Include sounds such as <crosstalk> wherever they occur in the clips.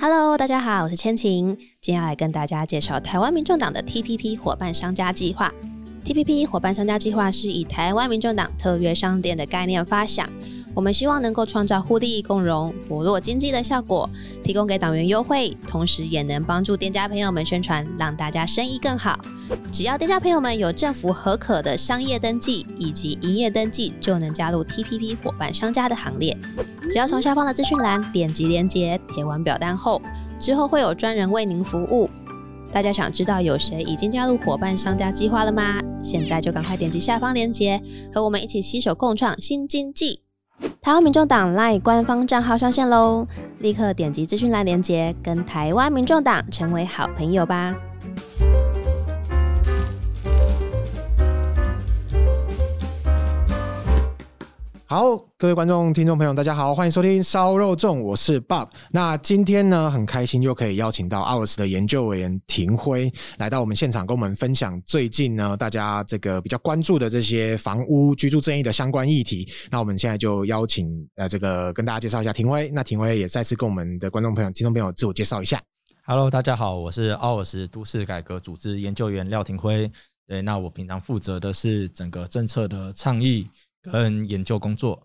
Hello，大家好，我是千晴，今天要來跟大家介紹台灣民眾黨的 TPP 夥伴商家計劃。TPP 夥伴商家計劃是以台灣民眾黨特約商店的概念發想。我們希望能夠創造互利共榮、活絡經濟的效果，提供給黨員優惠，同時也能幫助店家朋友們宣傳，讓大家生意更好。只要店家朋友們有政府核可的商業登記以及營業登記，就能加入 TPP 夥伴商家的行列。只要從下方的資訊欄點擊鏈接，填完表單後，之後會有專人為您服務。大家想知道有誰已經加入夥伴商家計劃了嗎？現在就趕快點擊下方鏈接，和我們一起攜手共創新經濟。台灣民眾黨 LINE 官方賬號上線嘍！立刻點擊資訊欄連結，跟台灣民眾黨成為好朋友吧。好，各位觀眾、聽眾朋友，大家好，歡迎收聽《燒 Roast 眾》，我是 Bob。那今天呢，很開心又可以邀請到 OURs 的研究員庭輝來到我們現場，跟我們分享最近呢大家這個比較關注的這些房屋居住正義的相關議題。那我們現在就邀請呃這個跟大家介紹一下庭輝。那庭輝也再次跟我們的觀眾朋友、聽眾朋友自我介紹一下。Hello，大家好，我是 OURs 都市改革組織研究員廖庭輝。對，那我平常負責的是整個政策的倡議。嗯，很研究工作。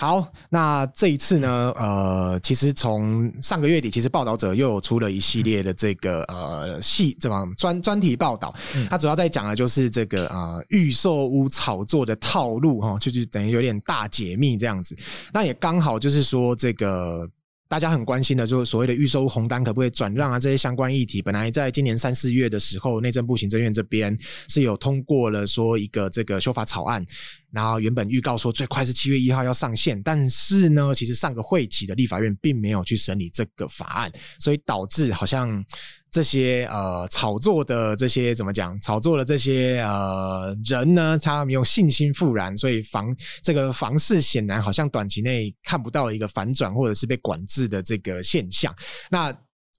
好，那這一次呢，呃，其實從上個月底，其實報道者又有出了一系列的這個、嗯、呃系怎麼專專題報道。他、嗯、主要在講的就是這個呃預售屋炒作的套路哈、哦，就是等於有點大解密這樣子。那也剛好就是說，這個大家很關心的就是所謂的預售屋紅單可不可以轉讓啊？這些相關議題，本來在今年三四月的時候，內政部、行政院這邊是有通過了說一個這個修法草案。然後原本預告說最快是七月一號要上線，但是呢，其實上個會期的立法院並沒有去審理這個法案，所以導致好像這些呃炒作的這些怎麼講，炒作的這些呃人呢，他們又信心復燃，所以房這個房市顯然好像短期內看不到一個反轉或者是被管制的這個現象。那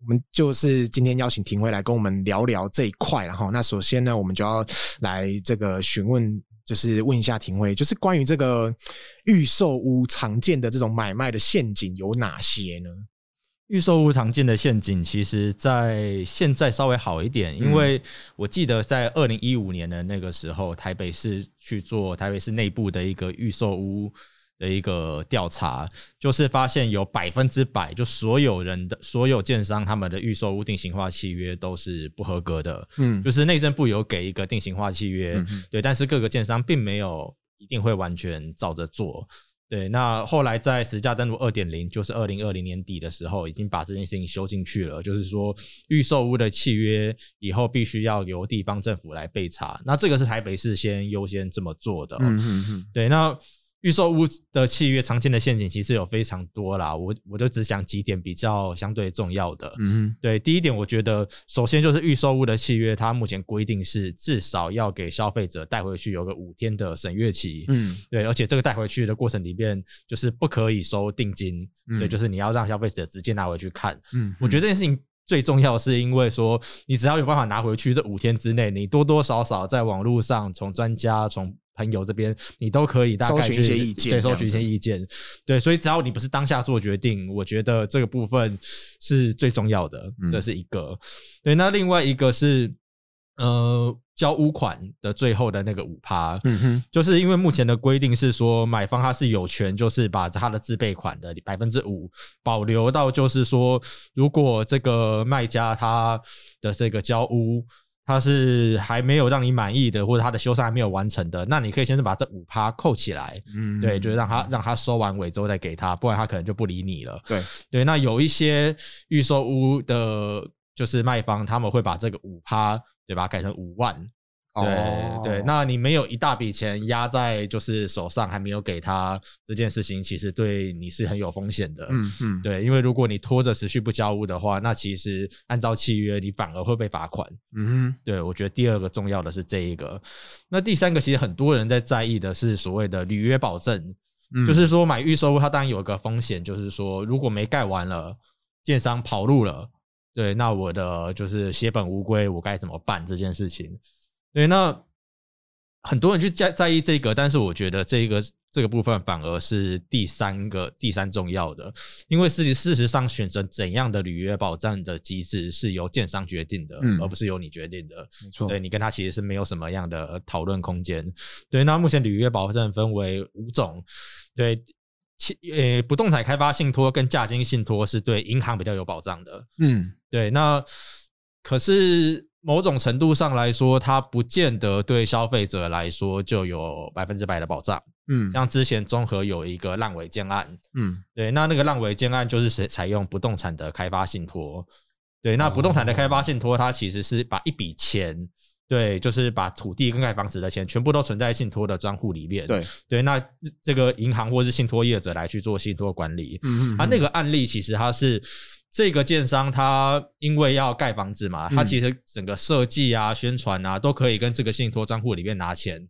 我們就是今天邀請庭輝來跟我們聊聊這一塊，然後那首先呢，我們就要來這個詢問。就是問一下庭輝，就是關於這個預售屋常見的這種買賣的陷阱有哪些呢？預售屋常見的陷阱，其實在現在稍微好一點，嗯、因為我記得在二零一五年的那個時候，台北市去做台北市內部的一個預售屋。的一個調查，就是發現有百分之百，就所有人的所有建商他們的預售屋定型化契約都是不合格的。嗯，就是內政部有給一個定型化契約，嗯、哼對，但是各個建商並沒有一定會完全照着做。對，那後來在實價登錄二點零，就是二零二零年底的時候，已經把這件事情修進去了，就是說預售屋的契約以後必須要由地方政府來備查。那這個是台北市先優先這麼做的。嗯嗯嗯，對，那。預售屋的契約常見的陷阱其實有非常多啦，我我就只講幾點比較相對重要的。嗯哼，對，第一點我覺得首先就是預售屋的契約，它目前規定是至少要給消費者帶回去有個五天的審閱期。嗯，對，而且這個帶回去的過程裡面就是不可以收定金，嗯、對，就是你要讓消費者直接拿回去看。嗯哼，我覺得這件事情最重要的是因為說你只要有辦法拿回去，這五天之內你多多少少在網絡上從專家從。從朋友這邊，你都可以大概去對收取一些意見，對，所以只要你不是當下做決定，我覺得這個部分是最重要的，嗯、這是一個。對，那另外一個是呃，交屋款的最後的那個五趴，嗯哼，就是因為目前的規定是說，買方他是有權就是把他的自備款的百分之五保留到，就是說，如果這個賣家他的這個交屋。他是還沒有讓你滿意的，或者他的修繕還沒有完成的，那你可以先是把這五趴扣起來，嗯，對，就是讓他讓他收完尾之後再給他，不然他可能就不理你了。對對，那有一些預售屋的，就是賣方他們會把這個五趴，對吧，改成五萬。對、哦、對，那你沒有一大筆錢壓在就是手上，還沒有給他這件事情，其實對你是很有風險的。嗯，嗯對，因為如果你拖着持續不交屋的話，那其實按照契約，你反而會被罰款。嗯哼，對，我覺得第二個重要的是這一個，那第三個其實很多人在在意的是所謂的履約保證，嗯、就是說買預售屋它當然有一個風險，就是說如果沒蓋完了，建商跑路了，對，那我的就是血本無歸，我該怎麼辦這件事情？對，那很多人去在在意這個，但是我覺得這個這個部分反而是第三個第三重要的，因為事實事實上，選擇怎樣的履約保障的機制是由建商決定的，嗯、而不是由你決定的。沒錯，對你跟他其實是沒有什麼樣的討論空間。對，那目前履約保證分為五種，對，呃、欸，不動產開發信託跟價金信託是對銀行比較有保障的。嗯，對，那可是。某種程度上來說，它不見得對消費者來說就有百分之百的保障。嗯，像之前中和有一個爛尾建案，嗯，對，那那個爛尾建案就是采採用不動產的開發信托。對，那不動產的開發信托，哦、它其實是把一筆錢，對，就是把土地跟蓋房子的錢全部都存在信托的專戶裡面。對，對，那這個銀行或是信托業者來去做信托管理。嗯哼嗯，它那個案例其實它是。這個建商他因為要蓋房子嘛，嗯、他其實整個設計啊、宣傳啊，都可以跟這個信托賬戶裡面拿錢。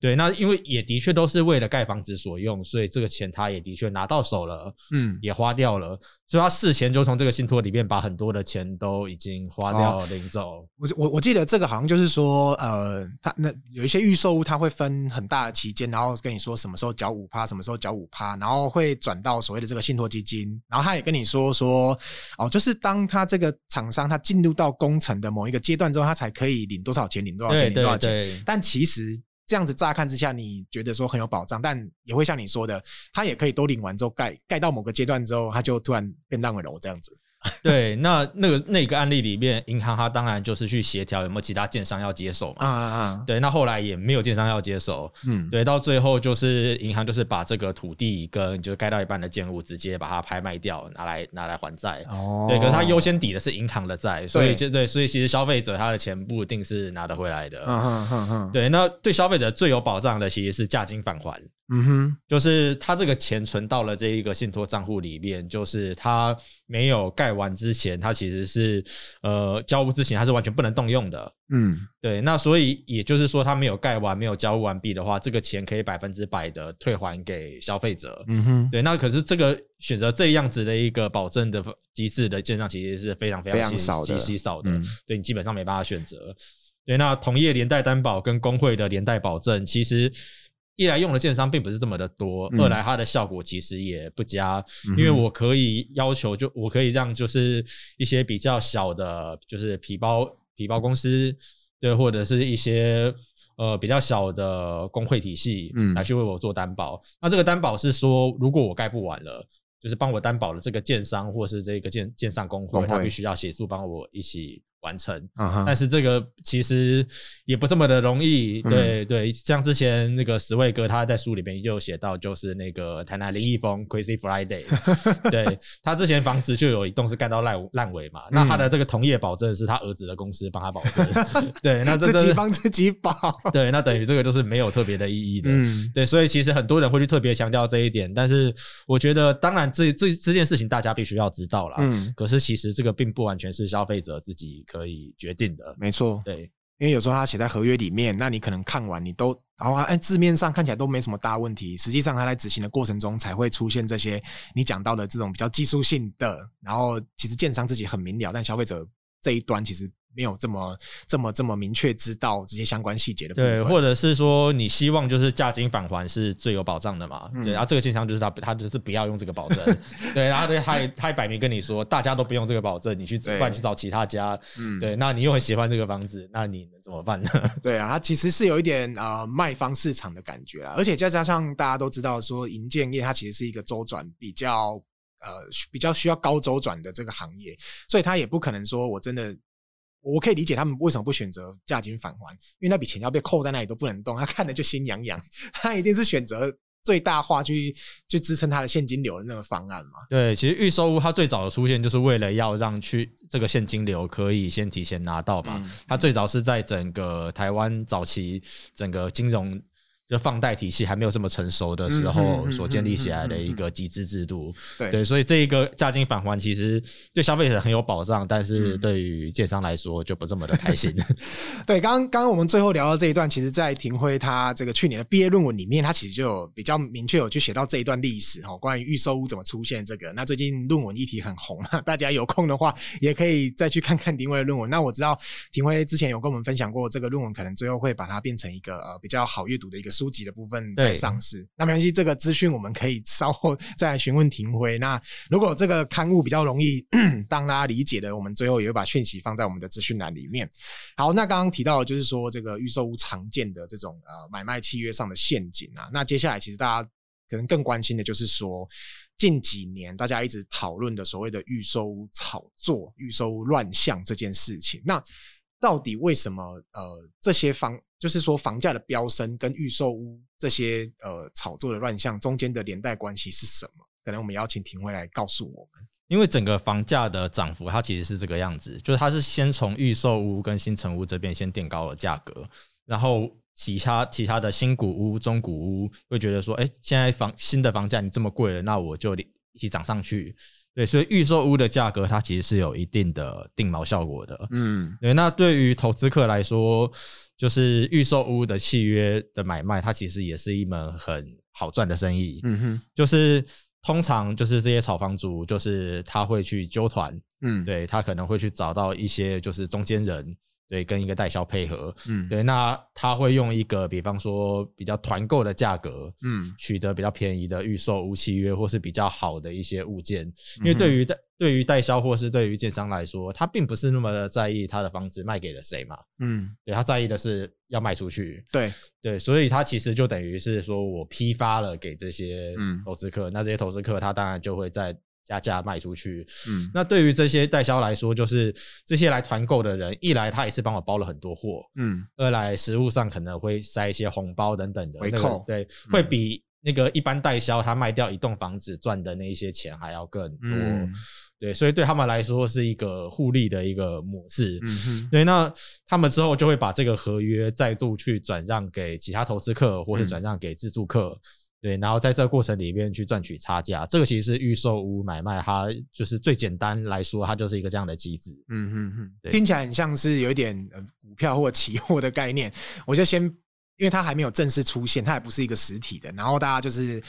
對，那因為也的確都是為了蓋房子所用，所以這個錢他也的確拿到手了，嗯，也花掉了，所以他事前就從這個信托裡面把很多的錢都已經花掉了領走。哦、我我我記得這個好像就是說，呃，他那有一些預售屋，他會分很大的期間，然後跟你說什麼時候繳五趴，什麼時候繳五趴，然後會轉到所謂的這個信托基金，然後他也跟你說說，哦，就是當他這個廠商他進入到工程的某一個階段之後，他才可以領多少錢，領多少錢，對對對，領多少錢，但其實。這樣子乍看之下，你覺得說很有保障，但也會像你說的，它也可以都領完之後蓋蓋到某個階段之後，它就突然變爛尾樓這樣子。 <laughs> 對，那那個那個案例裡面，銀行它當然就是去協調有沒有其他建商要接手嘛。嗯嗯、啊啊啊、對，那後來也沒有建商要接手。嗯，對，到最後就是銀行就是把這個土地跟就蓋到一半的建物直接把它拍賣掉，拿來拿來還債。哦，對，可是它優先抵的是銀行的債，所以就對，對，所以其實消費者他的錢不一定是拿得回來的。嗯哼哼哼。對，那對消費者最有保障的其實是價金返還。嗯哼，就是他這個錢存到了這一個信託賬戶裡面，就是他沒有蓋。蓋完之前，它其實是呃交屋之前，它是完全不能動用的。嗯，對。那所以也就是說，它沒有蓋完，沒有交屋完畢的話，這個錢可以百分之百的退還給消費者。嗯哼，對。那可是這個選擇這樣子的一個保證的機制的建案，其實是非常非常，其非常少的，稀少的。嗯、對，你基本上沒辦法選擇。對，那同業連帶擔保跟公會的連帶保證，其實。一來用的建商並不是這麼的多，嗯、二來它的效果其實也不佳，嗯、哼因為我可以要求，就我可以讓就是一些比較小的，就是皮包皮包公司，對，或者是一些呃比較小的工會體系，嗯，來去為我做擔保。嗯、那這個擔保是說，如果我蓋不完了，就是幫我擔保的這個建商或是這個建建商工會，他必須要協助幫我一起。完成，uh huh，但是這個其實也不這麼的容易，嗯、對對，像之前那個十位哥，他在書裡面就寫到，就是那個台南林毅峰 Crazy Friday， <laughs> 對他之前房子就有一棟是幹到爛爛尾嘛，嗯、那他的這個同業保證是他兒子的公司幫他保證， <laughs> 對，那這自己幫自己保，對，那等於這個就是沒有特別的意義的，嗯、對，所以其實很多人會去特別強調這一點，但是我覺得，當然這這這件事情大家必須要知道啦。嗯，可是其實這個並不完全是消費者自己，可以決定的沒錯，沒錯。對，因為有時候它寫在合約裡面，那你可能看完你都，然後它按字面上看起來都沒什麼大問題，實際上它在執行的過程中才會出現這些你講到的這種比較技術性的，然後其實建商自己很明了，但消費者這一端其實。沒有這麼這麼這麼明確知道這些相關細節的對，或者是說你希望就是價金返還是最有保障的嘛？嗯、對，然、啊、後這個經銷就是他，他就是不要用這個保證， <laughs> 對，然後他 <laughs> 他也擺明跟你說，大家都不用這個保證，你去另外對去找其他家，嗯、對，那你又很喜歡這個房子，那你能怎麼辦呢？對啊，他其實是有一點呃賣方市場的感覺啦，而且再加上大家都知道說營建業它其實是一個周轉比較呃比較需要高周轉的這個行業，所以他也不可能說我真的。我可以理解他們為什麼不選擇價金返還，因為那筆錢要被扣在那裡都不能動，他看了就心癢癢，他一定是選擇最大化去去支撐他的現金流的那個方案嘛。對，其實預售屋它最早的出現就是為了要讓去這個現金流可以先提前拿到嘛，嗯嗯、它最早是在整個台灣早期整個金融。就放貸體系還沒有這麼成熟的時候，所建立起來的一個集資制度，對，所以這一個價金返還其實對消費者很有保障，但是對於建商來說就不這麼的開心、嗯嗯嗯嗯嗯嗯。對，剛剛剛我們最後聊到這一段，其實，在庭輝他這個去年的畢業論文裡面，他其實就有比較明確有去寫到這一段歷史哈、喔，關於預售屋怎麼出現這個。那最近論文議題很紅，大家有空的話也可以再去看看庭輝的論文。那我知道庭輝之前有跟我們分享過這個論文，可能最後會把它變成一個呃比較好閱讀的一個。書籍的部分在上市，對嗯、那沒關係，這個資訊我們可以稍後再詢問庭輝。那如果這個刊物比較容易 <coughs> 當大家理解的，我們最後也會把訊息放在我們的資訊欄裡面。好，那剛剛提到的就是說這個預售屋常見的這種呃買賣契約上的陷阱啊，那接下來其實大家可能更關心的就是說近幾年大家一直討論的所謂的預收炒作、預收亂象這件事情，那。到底為什麼？呃，這些房就是說房價的飆升跟預售屋這些呃炒作的亂象中間的連帶關係是什麼？可能我們邀請庭輝來告訴我們。因為整個房價的漲幅，它其實是這個樣子，就是它是先從預售屋跟新城屋這邊先墊高了價格，然後其他其他的新古屋、中古屋會覺得說，哎、欸，現在房新的房價你這麼貴了，那我就一起漲上去。對，所以預售屋的價格，它其實是有一定的定錨效果的。嗯，對。那對於投資客來說，就是預售屋的契約的買賣，它其實也是一門很好賺的生意。嗯哼，就是通常就是這些炒房族，就是他會去揪團。嗯，對，他可能會去找到一些就是中間人。對，跟一個代銷配合，嗯，對，那他會用一個，比方說比較團購的價格，嗯，取得比較便宜的預售無契約或是比較好的一些物件，嗯、哼因為對於代對於代銷或是對於建商來說，他並不是那麼的在意他的房子賣給了誰嘛，嗯，對，他在意的是要賣出去，對對，所以他其實就等於是說我批發了給這些投資客，嗯、那這些投資客他當然就會在。加價賣出去，嗯，那對於這些代銷來說，就是這些來團購的人，一來他也是幫我包了很多貨，嗯，二來實務上可能會塞一些紅包等等的、那個，回扣，對，嗯、會比那個一般代銷他賣掉一棟房子賺的那一些錢還要更多，嗯、對，所以對他們來說是一個互利的一個模式，嗯哼，對，那他們之後就會把這個合約再度去轉讓給其他投資客，嗯、或是轉讓給自住客。嗯對，然後在這個過程裡面去賺取差價，這個其實預售屋買賣，它就是最簡單來說，它就是一個這樣的機制。嗯嗯嗯，對聽起來很像是有一點股票或期貨的概念。我就先，因為它還沒有正式出現，它也不是一個實體的。然後大家就是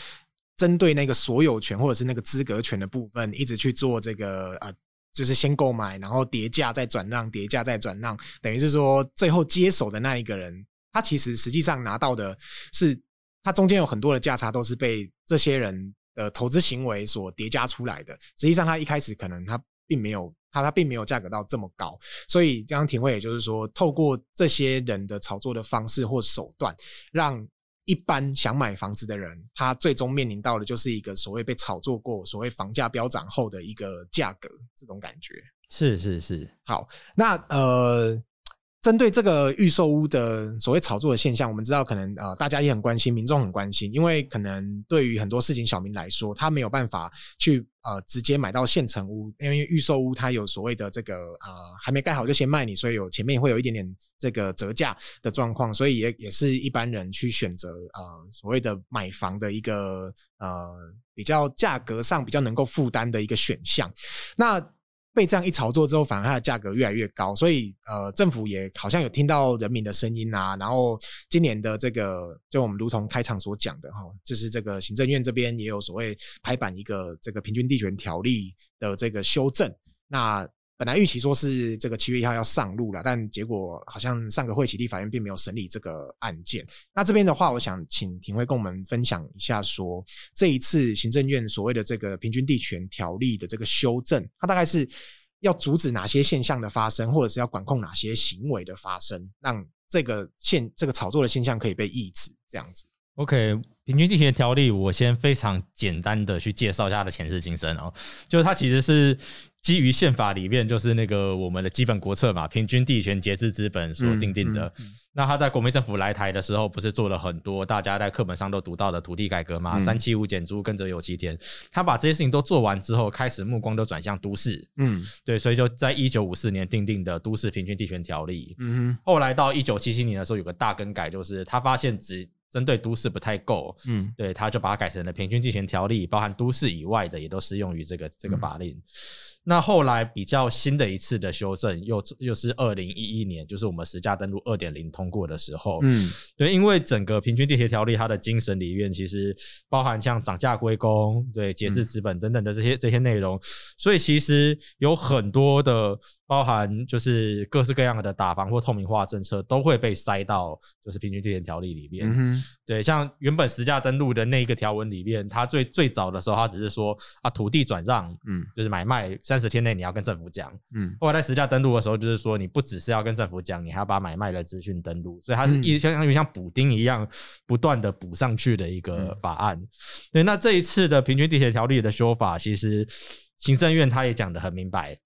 針對那個所有權或者是那個資格權的部分，一直去做這個呃，就是先購買，然後疊價再轉讓，疊價再轉讓，等於是說最後接手的那一個人，他其實實際上拿到的是。它中間有很多的價差都是被這些人的投資行為所疊加出來的。實際上，它一開始可能它並沒有它它並沒有價格到這麼高。所以，剛剛庭輝也就是說，透過這些人的炒作的方式或手段，讓一般想買房子的人，他最終面臨到的就是一個所謂被炒作過、所謂房價飆漲後的一個價格，這種感覺。是是是。好，那呃。針對這個預售屋的所謂炒作的現象，我們知道，可能呃，大家也很關心，民眾很關心，因為可能對於很多市井小民來說，他沒有辦法去呃直接買到現成屋，因為預售屋它有所謂的這個啊、呃、還沒蓋好就先賣你，所以有前面也會有一點點這個折價的狀況，所以也也是一般人去選擇呃所謂的買房的一個呃比較價格上比較能夠負擔的一個選項，那。被這樣一炒作之後，反而它的價格越來越高，所以呃，政府也好像有聽到人民的聲音啊。然後今年的這個，就我們如同開場所講的哈，就是這個行政院這邊也有所謂拍板一個這個平均地權條例的這個修正，那。本來預期說是這個七月一號要上路了，但結果好像上個會期立法院並沒有審理這個案件。那這邊的話，我想請庭輝跟我們分享一下，說這一次行政院所謂的這個平均地權條例的這個修正，它大概是要阻止哪些現象的發生，或者是要管控哪些行為的發生，讓這個現這個炒作的現象可以被抑制，這樣子。OK，平均地權條例，我先非常簡單的去介紹一下它的前世今生哦、喔，就是它其實是基於憲法裡面，就是那個我們的基本國策嘛，平均地權、節制資本所定定的。嗯嗯嗯、那他在國民政府來台的時候，不是做了很多大家在課本上都讀到的土地改革嘛？嗯、三七五減租，耕者有其田。他把這些事情都做完之後，開始目光都轉向都市，嗯，對，所以就在一九五四年定定的都市平均地權條例。嗯，嗯，後來到一九七七年的時候有個大更改，就是他發現只針對都市不太夠，嗯，對，他就把它改成了平均地權條例，包含都市以外的也都適用於這個這個法令。嗯那後來比較新的一次的修正又、又又是二零一一年，就是我們實價登錄二點零通過的時候，嗯，對，因為整個平均地權條例它的精神裡面，其實包含像漲價歸公、對節制資本等等的這些、嗯、這些內容，所以其實有很多的包含，就是各式各樣的打房或透明化政策，都會被塞到就是平均地權條例裡面。嗯對，像原本實價登錄的那一個條文裡面，它最最早的時候，它只是說啊土地轉讓，嗯，就是買賣三十天內你要跟政府講，嗯，後來在實價登錄的時候，就是說你不只是要跟政府講，你還要把買賣的資訊登錄，所以它是一相當於像補、嗯、丁一樣不斷的補上去的一個法案。嗯、對，那這一次的平均地權條例的修法，其實行政院他也講得很明白，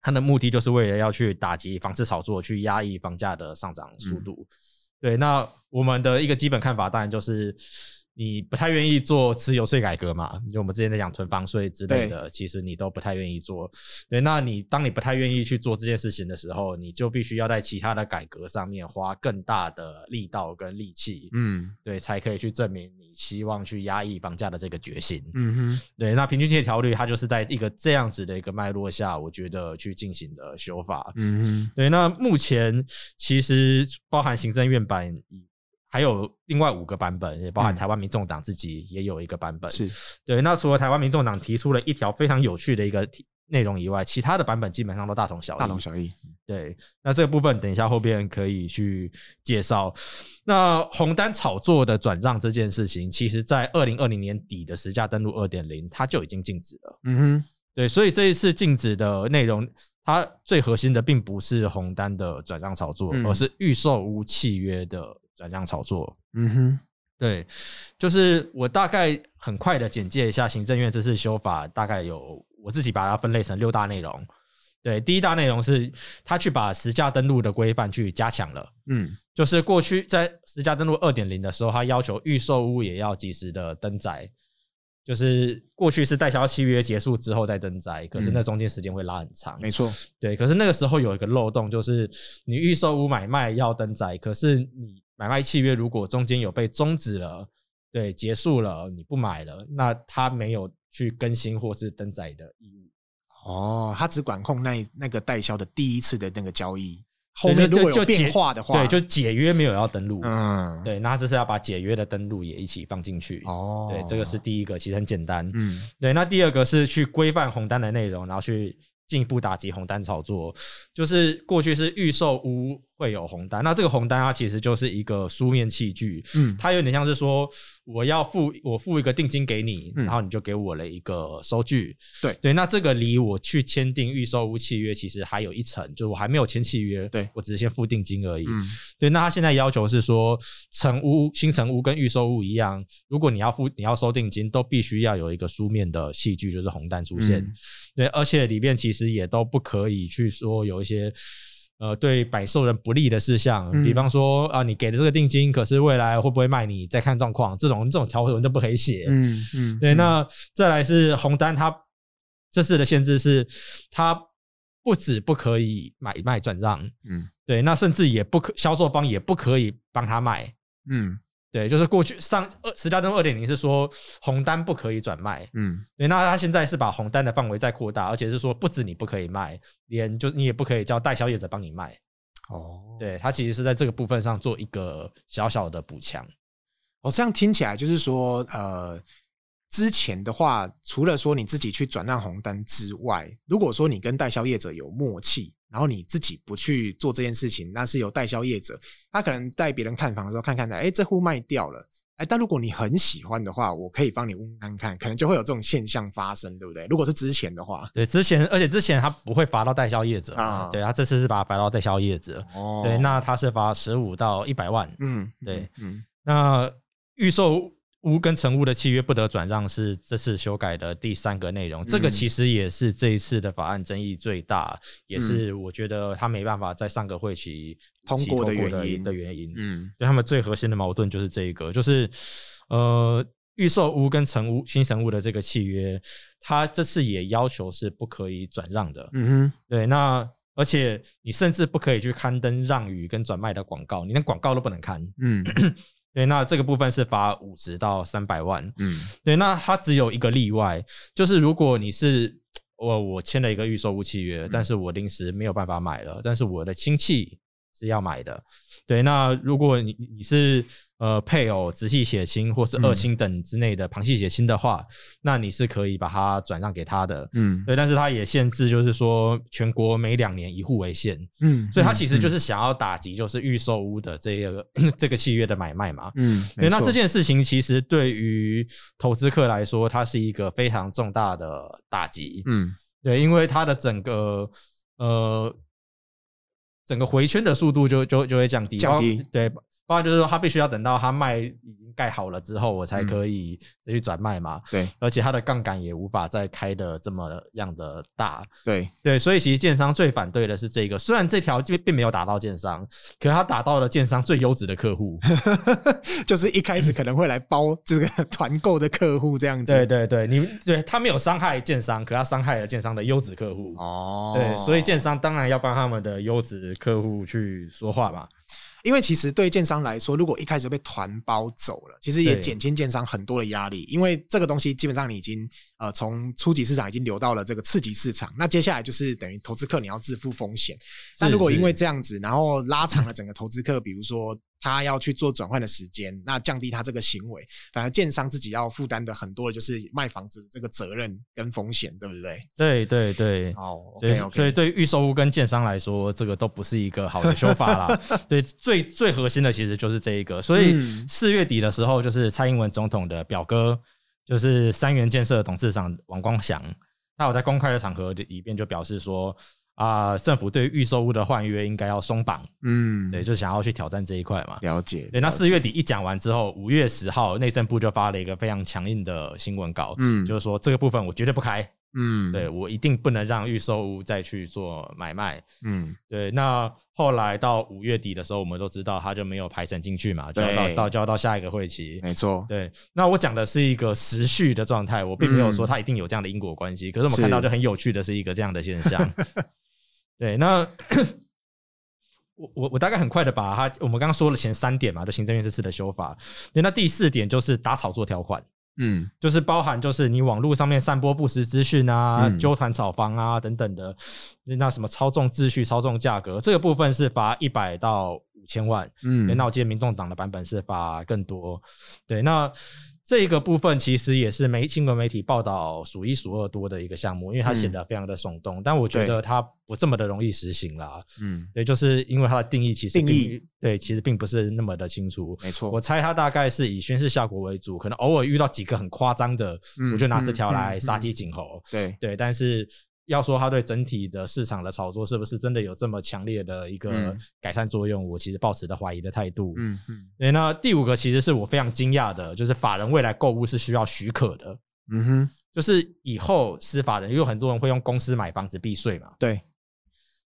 他的目的就是為了要去打擊房市炒作，去壓抑房價的上漲速度。嗯對，那我們的一個基本看法，當然就是。你不太願意做持有稅改革嘛，就我們之前在講囤房稅之類的，對其實你都不太願意做。對，那你當你不太願意去做這件事情的時候，你就必須要在其他的改革上面花更大的力道跟力氣，嗯，對，才可以去證明你希望去壓抑房價的這個決心。嗯哼，對，那平均地權條例它就是在一個這樣子的一個脈絡下，我覺得去進行的修法。嗯哼，對，那目前其實包含行政院版還有另外五個版本，也包含台灣民眾黨自己也有一個版本。嗯、對。那除了台灣民眾黨提出了一條非常有趣的一個內容以外，其他的版本基本上都大同小異。大同小異。對。那這個部分等一下後邊可以去介紹。那紅單炒作的轉讓這件事情，其實在二零二零年底的實價登錄二點零，它就已經禁止了。嗯哼。對。所以這一次禁止的內容，它最核心的並不是紅單的轉讓炒作，而是預售屋契約的、嗯。轉讓炒作，嗯哼，對，就是我大概很快的簡介一下行政院這次修法，大概有我自己把它分類成六大內容。對，第一大內容是他去把實價登錄的規範去加強了，嗯，就是過去在實價登錄二點零的時候，他要求預售屋也要即時的登載，就是過去是代銷契約結束之後再登載，可是那中間時間會拉很長，嗯、沒錯，對，可是那個時候有一個漏洞，就是你預售屋買賣要登載，可是你買賣契約如果中間有被終止了，對，結束了，你不買了，那他沒有去更新或是登載的義務。哦，他只管控，那那個代銷的第一次的那個交易，對後面如果有變化的話，對，就解約沒有要登錄。嗯，對，那這是要把解約的登錄也一起放進去。哦，對，這個是第一個，其實很簡單。嗯，對，那第二個是去規範紅單的內容，然後去進一步打擊紅單炒作，就是過去是預售屋。會有紅單，那這個紅單它其實就是一個書面器具，嗯，它有點像是說我要付我付一個定金給你，嗯、然後你就給我了一個收據，對、嗯、對。那這個離我去簽訂預售屋契約其實還有一層，就是我還沒有簽契約，對，我只是先付定金而已，嗯、對。那他現在要求是說，成屋新成屋跟預售屋一樣，如果你要付你要收定金，都必須要有一個書面的器具，就是紅單出現，嗯、對，而且裡面其實也都不可以去說有一些。呃，對買受人不利的事項，嗯、比方說啊，你給了這個定金，可是未來會不會賣你？再看狀況，這種這種條文都不可以寫、嗯。嗯嗯，對。那再來是紅單，它這次的限制是，它不止不可以買賣轉讓，嗯，對，那甚至也不可銷售方也不可以幫他賣，嗯。對，就是過去上二實價登錄2.0是說紅單不可以轉賣，嗯，對，那他現在是把紅單的範圍再擴大，而且是說不止你不可以賣，連就是你也不可以叫代銷業者幫你賣。哦，對，他其實是在這個部分上做一個小小的補強。哦，這樣聽起來就是說，呃，之前的話除了說你自己去轉讓紅單之外，如果說你跟代銷業者有默契，然後你自己不去做這件事情，那是有代銷業者，他可能帶別人看房的時候看看的，哎，這戶賣掉了，哎，但如果你很喜歡的話，我可以幫你問問看看，可能就會有這種現象發生，對不對？如果是之前的話，對，之前，而且之前他不會罰到代銷業者啊，啊，對，他這次是把他罰到代銷業者，哦、對，那他是罰十五到一百萬，嗯，對，嗯，嗯，對，嗯，那預售。屋跟成屋的契約不得轉讓是這次修改的第三個內容，嗯、這個其實也是這一次的法案爭議最大，嗯、也是我覺得他沒辦法在上個會期通過的原因通過的原因。嗯對，他們最核心的矛盾就是這一個，就是呃，預售屋跟成屋新成屋的這個契約，他這次也要求是不可以轉讓的。嗯哼，對，那而且你甚至不可以去刊登讓與跟轉賣的廣告，你連廣告都不能刊。嗯。 <coughs> 對，那這個部分是罰五十到三百萬。嗯，對，那它只有一個例外，就是如果你是，哇我我簽了一個預售屋契約，但是我臨時沒有辦法買了，但是我的親戚是要買的。對，那如果你你是。呃，配偶、直系血親或是二親等之內的旁系血親的話，嗯、那你是可以把它轉讓給他的。嗯，對，但是他也限制，就是說全國每兩年一戶為限。嗯，嗯，所以他其實就是想要打擊就是預售屋的這個、嗯、這個契約的買賣嘛。嗯，對。那這件事情其實對於投資客來說，它是一個非常重大的打擊。嗯，對，因為它的整個呃、整個回圈的速度就就就會降低。降低，哦、對。包括就是說，他必須要等到他賣已經蓋好了之後，我才可以、嗯、再去轉賣嘛。對，而且他的槓桿也無法再開得這麼樣的大。對對，所以其實建商最反對的是這個。雖然這條並並沒有打到建商，可他打到了建商最優質的客戶， <laughs> 就是一開始可能會來包這個團購的客戶這樣子。嗯、對對對，你對他沒有傷害建商，可他傷害了建商的優質客戶哦。對，所以建商當然要幫他們的優質客戶去說話嘛。因為其實對建商來說，如果一開始就被團包走了，其實也減輕建商很多的壓力，因為這個東西基本上你已經呃從初級市場已經流到了這個次級市場，那接下來就是等於投資客你要自負風險，但如果因為這樣子，然後拉長了整個投資客，比如說。他要去做轉換的時間，那降低他這個行為，反正建商自己要負擔的很多的就是賣房子的這個責任跟風險，對不對？對對對，哦，所以所以對於預售屋跟建商來說，這個都不是一個好的修法啦。 <laughs> 對，最最核心的其實就是這一個。所以四月底的時候，就是蔡英文總統的表哥，嗯、就是三元建設董事長王光祥，那我在公開的場合就一遍就表示說。啊、呃，政府對於預售屋的換約應該要鬆綁，嗯，對，就是想要去挑戰這一塊嘛。了解，對。那四月底一講完之後，五月十號內政部就發了一個非常強硬的新聞稿，嗯，就是說這個部分我絕對不開，嗯，對我一定不能讓預售屋再去做買賣，嗯，對。那後來到五月底的時候，我們都知道他就沒有排審進去嘛，就要到,對就要到就要到下一個會期，沒錯錯。對。那我講的是一個時序的狀態，我並沒有說他一定有這樣的因果關係。嗯、可是我們看到就很有趣的是一個這樣的現象。是 <laughs> 對，那我我我大概很快的把它，我們剛剛說了前三點嘛，就行政院這次的修法。那第四點就是打炒作條款，嗯，就是包含就是你網絡上面散播不實資訊啊，揪團炒房啊等等的，那什麼操縱秩序、操縱價格，這個部分是罰一百到五千萬。嗯，那我記得民眾黨的版本是罰更多。對，那。這一個部分其實也是媒新聞媒體報道數一數二多的一個項目，因為它顯得非常的聳動。嗯、但我覺得它不這麼的容易實行了。嗯，對，就是因為它的定義其實並定義對，其實並不是那麼的清楚。沒錯，我猜它大概是以宣示效果為主，可能偶爾遇到幾個很誇張的，嗯、我就拿這條來殺雞儆猴。嗯嗯嗯、對對，但是。要說它對整體的市場的炒作是不是真的有這麼強烈的一個改善作用，嗯，我其實抱持的懷疑的態度嗯。嗯，嗯對，那第五個其實是我非常驚訝的，就是法人未來購物是需要許可的。嗯哼。就是以後司法人，有很多人會用公司買房子避稅嘛。對，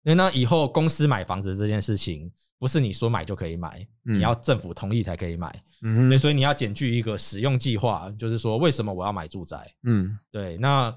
對。那以後公司買房子這件事情，不是你說買就可以買。嗯，你要政府同意才可以買。嗯哼。所以你要檢具一個使用計劃，就是說為什麼我要買住宅？嗯。對，那。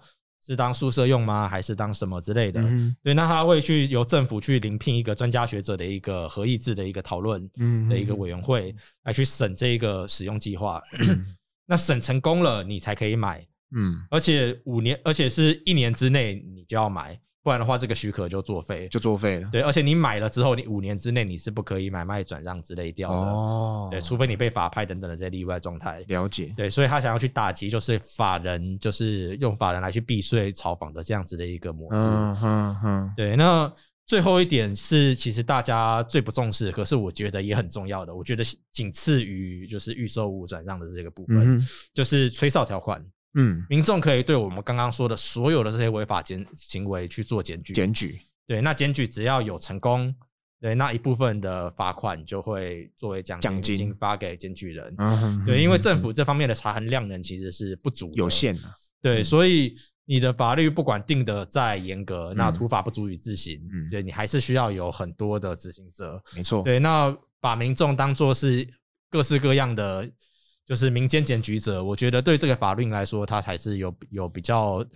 是當宿舍用嗎？還是當什麼之類的？嗯、哼對，那他會去由政府去遴聘一個專家學者的一個合議制的一個討論的一個委員會來去審這個使用計劃，嗯哼。 <coughs> 那審成功了，你才可以買。嗯，而且五年，而且是一年之內你就要買。不然的話，這個許可就作廢，就作廢了。對，而且你買了之後，你五年之內你是不可以買賣、轉讓之類掉的。哦，對，除非你被法拍等等的這些例外狀態。了解。對，所以他想要去打擊，就是法人，就是用法人來去避稅、炒房的這樣子的一個模式。嗯哼哼。嗯嗯、對，那最後一點是，其實大家最不重視，可是我覺得也很重要的，我覺得僅次於就是預售屋轉讓的這個部分，嗯、哼就是吹哨條款。嗯，民眾可以對我們剛剛說的所有的這些違法行為去做檢舉。檢舉，對，那檢舉只要有成功，對那一部分的罰款就會作為獎金，獎金發給檢舉人。啊、呵呵呵，對，因為政府這方面的查核量能，其實是不足、有限的、啊。對，嗯、所以你的法律不管定得再嚴格，那徒法不足以自行。嗯，對，你還是需要有很多的執行者。嗯嗯、沒錯。對，那把民眾當做是各式各樣的。就是民間檢舉者，我覺得對這個法律來說，它才是有有比較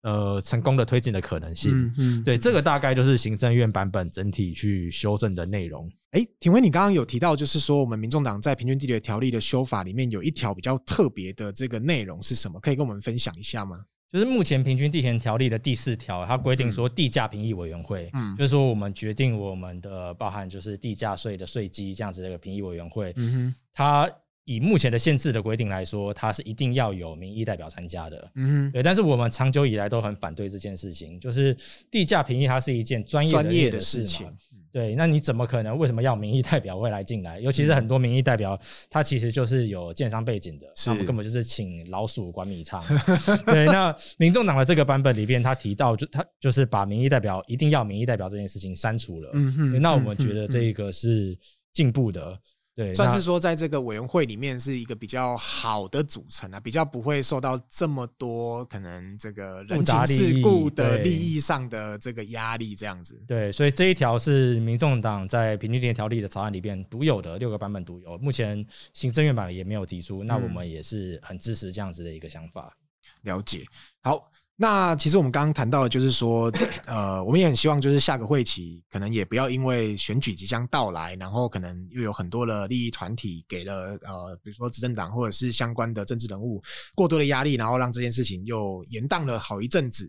呃成功的推進的可能性。嗯哼對，這個大概就是行政院版本整體去修正的內容。誒，庭輝，你剛剛有提到，就是說我們民眾黨在平均地權條例的修法裡面有一條比較特別的這個內容是什麼？可以跟我們分享一下嗎？就是目前平均地權條例的第四條，它規定說地價評議委員會，嗯，嗯，就是說我們決定我們的包含就是地價稅的稅基這樣子的一個評議委員會，嗯哼，它。以目前的限制的規定來說，它是一定要有民意代表參加的。嗯哼，對。但是我們長久以來都很反對這件事情，就是地價評議，它是一件專業專業的事情。對，那你怎麼可能？為什麼要民意代表未來進來？尤其是很多民意代表，嗯、他其實就是有建商背景的，他是們根本就是請老鼠管米倉。 <laughs> 對，那民眾黨的這個版本裡邊，他提到就他就是把民意代表一定要民意代表這件事情刪除了。嗯哼，那我們覺得這個是進步的。嗯哼嗯對，算是說，在這個委員會裡面是一個比較好的組成啊，比較不會受到這麼多可能這個人情世故的利益上的這個壓力，這樣子，對。對，所以這一條是民眾黨在《平均地權條例》的草案裡邊獨有的六個版本獨有，目前行政院版也沒有提出，那我們也是很支持這樣子的一個想法。嗯，了解，好。那其實我們剛剛談到的就是說，呃，我們也很希望就是下個會期，可能也不要因為選舉即將到來，然後可能又有很多的利益團體給了呃，比如說執政黨或者是相關的政治人物過多的壓力，然後讓這件事情又延宕了好一陣子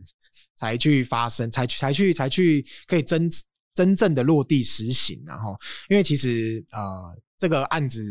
才去發生，才去才去才去可以真真正的落地實行，然後因為其實呃這個案子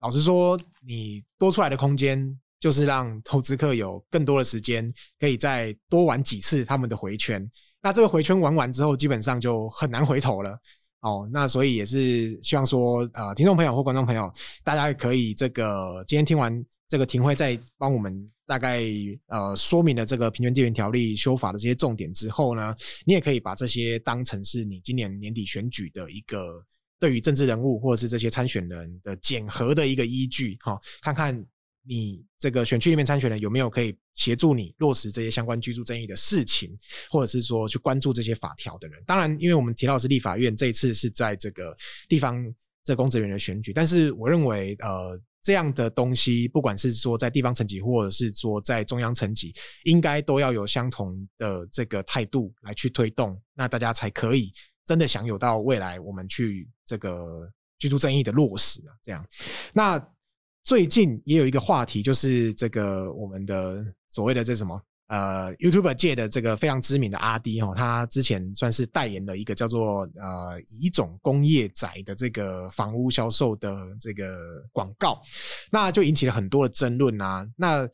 老實說，你多出來的空間。就是讓投資客有更多的時間可以再多玩幾次他們的回圈，那這個回圈玩完之後，基本上就很難回頭了哦。那所以也是希望說，呃，聽眾朋友或觀眾朋友，大家也可以這個今天聽完這個庭輝，再幫我們大概呃說明了這個《平均地權條例》修法的這些重點之後呢，你也可以把這些當成是你今年年底選舉的一個對於政治人物或者是這些參選人的檢核的一個依據，哈，看看。你這個選區裡面參選人有沒有可以協助你落實這些相關居住正義的事情，或者是說去關注這些法條的人？當然，因為我們提到是立法院這一次是在這個地方這公職員的選舉，但是我認為，呃，這樣的東西不管是說在地方層級，或者是說在中央層級，應該都要有相同的這個態度來去推動，那大家才可以真的享有到未來我們去這個居住正義的落實啊。這樣，那。最近也有一個話題，就是這個我們的所謂的這什麼呃，YouTuber 界的這個非常知名的阿滴哈，他之前算是代言了一個叫做呃乙種工業宅的這個房屋銷售的這個廣告，那就引起了很多的爭論啊。那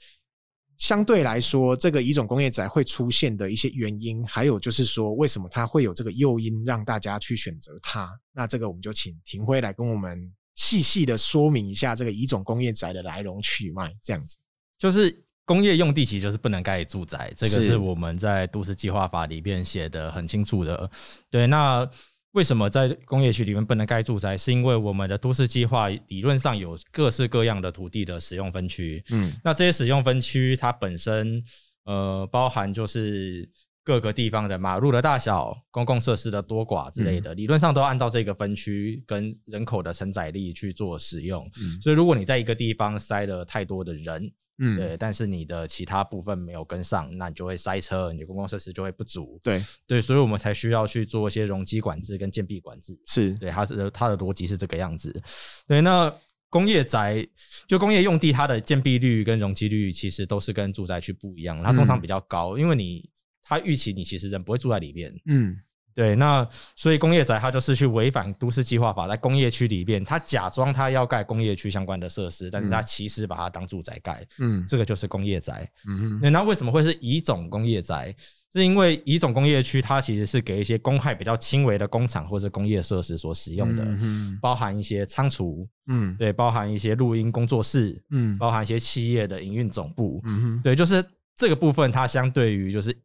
相對來說，這個乙種工業宅會出現的一些原因，還有就是說為什麼它會有這個誘因讓大家去選擇它？那這個我們就請庭輝來跟我們。細細的說明一下這個乙種工業宅的來龍去脈，這樣子。就是工業用地其實就是不能蓋住宅，這個是我們在都市計劃法裡面寫的很清楚的。對，那為什麼在工業區裡面不能蓋住宅？是因為我們的都市計劃理論上有各式各樣的土地的使用分區。嗯，那這些使用分區它本身，呃，包含就是。各個地方的馬路的大小、公共設施的多寡之類的，嗯、理論上都按照這個分區跟人口的承載力去做使用。嗯，所以如果你在一個地方塞了太多的人，嗯，對，但是你的其他部分沒有跟上，那你就會塞車，你的公共設施就會不足。對，對，所以我們才需要去做一些容積管制跟建蔽管制。是，對，它，是它的邏輯是這個樣子。對，那工業宅就工業用地，它的建蔽率跟容積率其實都是跟住宅區不一樣，嗯、它通常比較高，因為你。他預期你其實人不會住在裡面，嗯，對，那所以工業宅它就是去違反都市計劃法，在工業區裡面，它假裝它要蓋工業區相關的設施，但是它其實把它當住宅蓋，嗯，這個就是工業宅。嗯哼，那然後為什麼會是乙種工業宅？是因為乙種工業區它其實是給一些公害比較輕微的工廠或者工業設施所使用的，嗯，包含一些倉儲，嗯，對，包含一些錄音工作室，嗯，包含一些企業的營運總部，嗯哼，對，就是這個部分它相對於就是。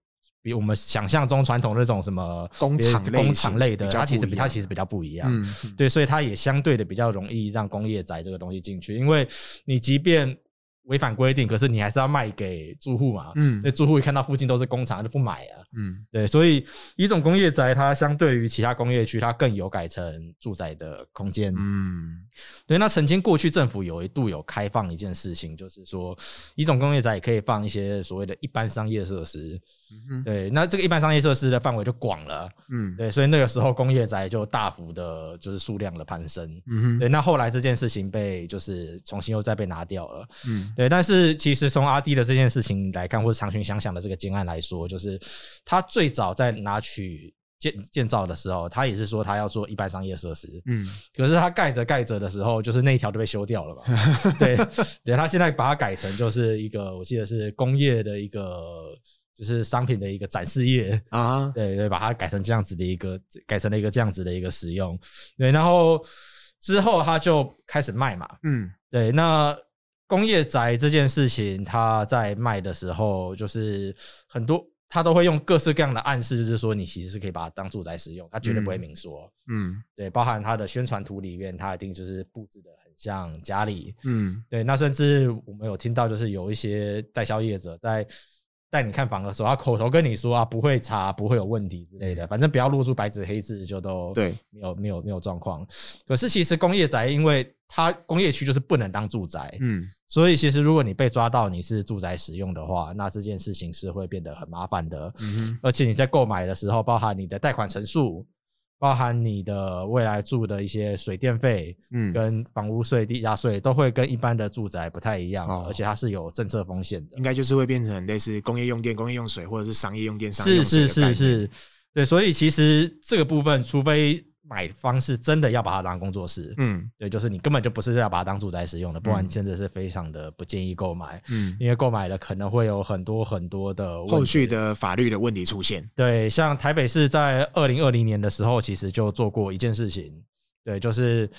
比我們想象中傳統那種什麼工廠工廠類的，類的它其實比它其實比較不一樣，嗯、對，所以它也相對的比較容易讓工業宅這個東西進去，因為你即便。違反規定，可是你還是要賣給住戶嘛？嗯，那住戶一看到附近都是工廠，他就不買了，啊。嗯，對，所以乙種工業宅，它相對於其他工業區，它更有改成住宅的空間。嗯，對。那曾經過去政府有一度有開放一件事情，就是說乙種工業宅也可以放一些所謂的一般商業設施。嗯、哼對。那這個一般商業設施的範圍就廣了。嗯，對。所以那個時候工業宅就大幅的，就是數量的攀升。嗯哼，對。那後來這件事情被就是重新又再被拿掉了。嗯。對，但是其實從阿滴的這件事情來看，或者長群想想的這個建案來說，就是他最早在拿取建建造的時候，他也是說他要做一般商業設施，嗯，可是他蓋着蓋着的時候，就是那一條都被修掉了嘛， <laughs> 對對，他現在把它改成就是一個，我記得是工業的一個，就是商品的一個展示業啊，對對，把它改成這樣子的一個，改成了一個這樣子的一個使用，對，然後之後他就開始賣嘛，嗯，對，那。工業宅這件事情，他在賣的時候，就是很多他都會用各式各樣的暗示，就是說你其實是可以把它當住宅使用，他絕對不會明說。嗯，嗯對，包含他的宣傳圖裡面，他一定就是布置得很像家裡。嗯，對，那甚至我們有聽到，就是有一些代銷業者在帶你看房的時候，他口頭跟你說啊，不會查，不會有問題之類的，反正不要露出白紙黑字，就都對沒，沒有沒有沒有狀況。可是其實工業宅，因為它工業區就是不能當住宅。嗯。所以，其實如果你被抓到你是住宅使用的話，那這件事情是會變得很麻煩的。嗯哼，而且你在購買的時候，包含你的貸款成數，包含你的未來住的一些水電費，嗯，跟房屋稅、地價稅都會跟一般的住宅不太一樣，哦，而且它是有政策風險的。應該就是會變成類似工業用電、工業用水或者是商業用電、商業用水的概念。是是是是，對。所以其實這個部分，除非。買方是真的要把它當工作室，嗯，對，就是你根本就不是要把它當住宅使用的，不然真的是非常的不建議購買，嗯，因為購買了可能會有很多很多的後續的法律的問題出現。對，像台北市在二零二零年的時候，其實就做過一件事情，對，就是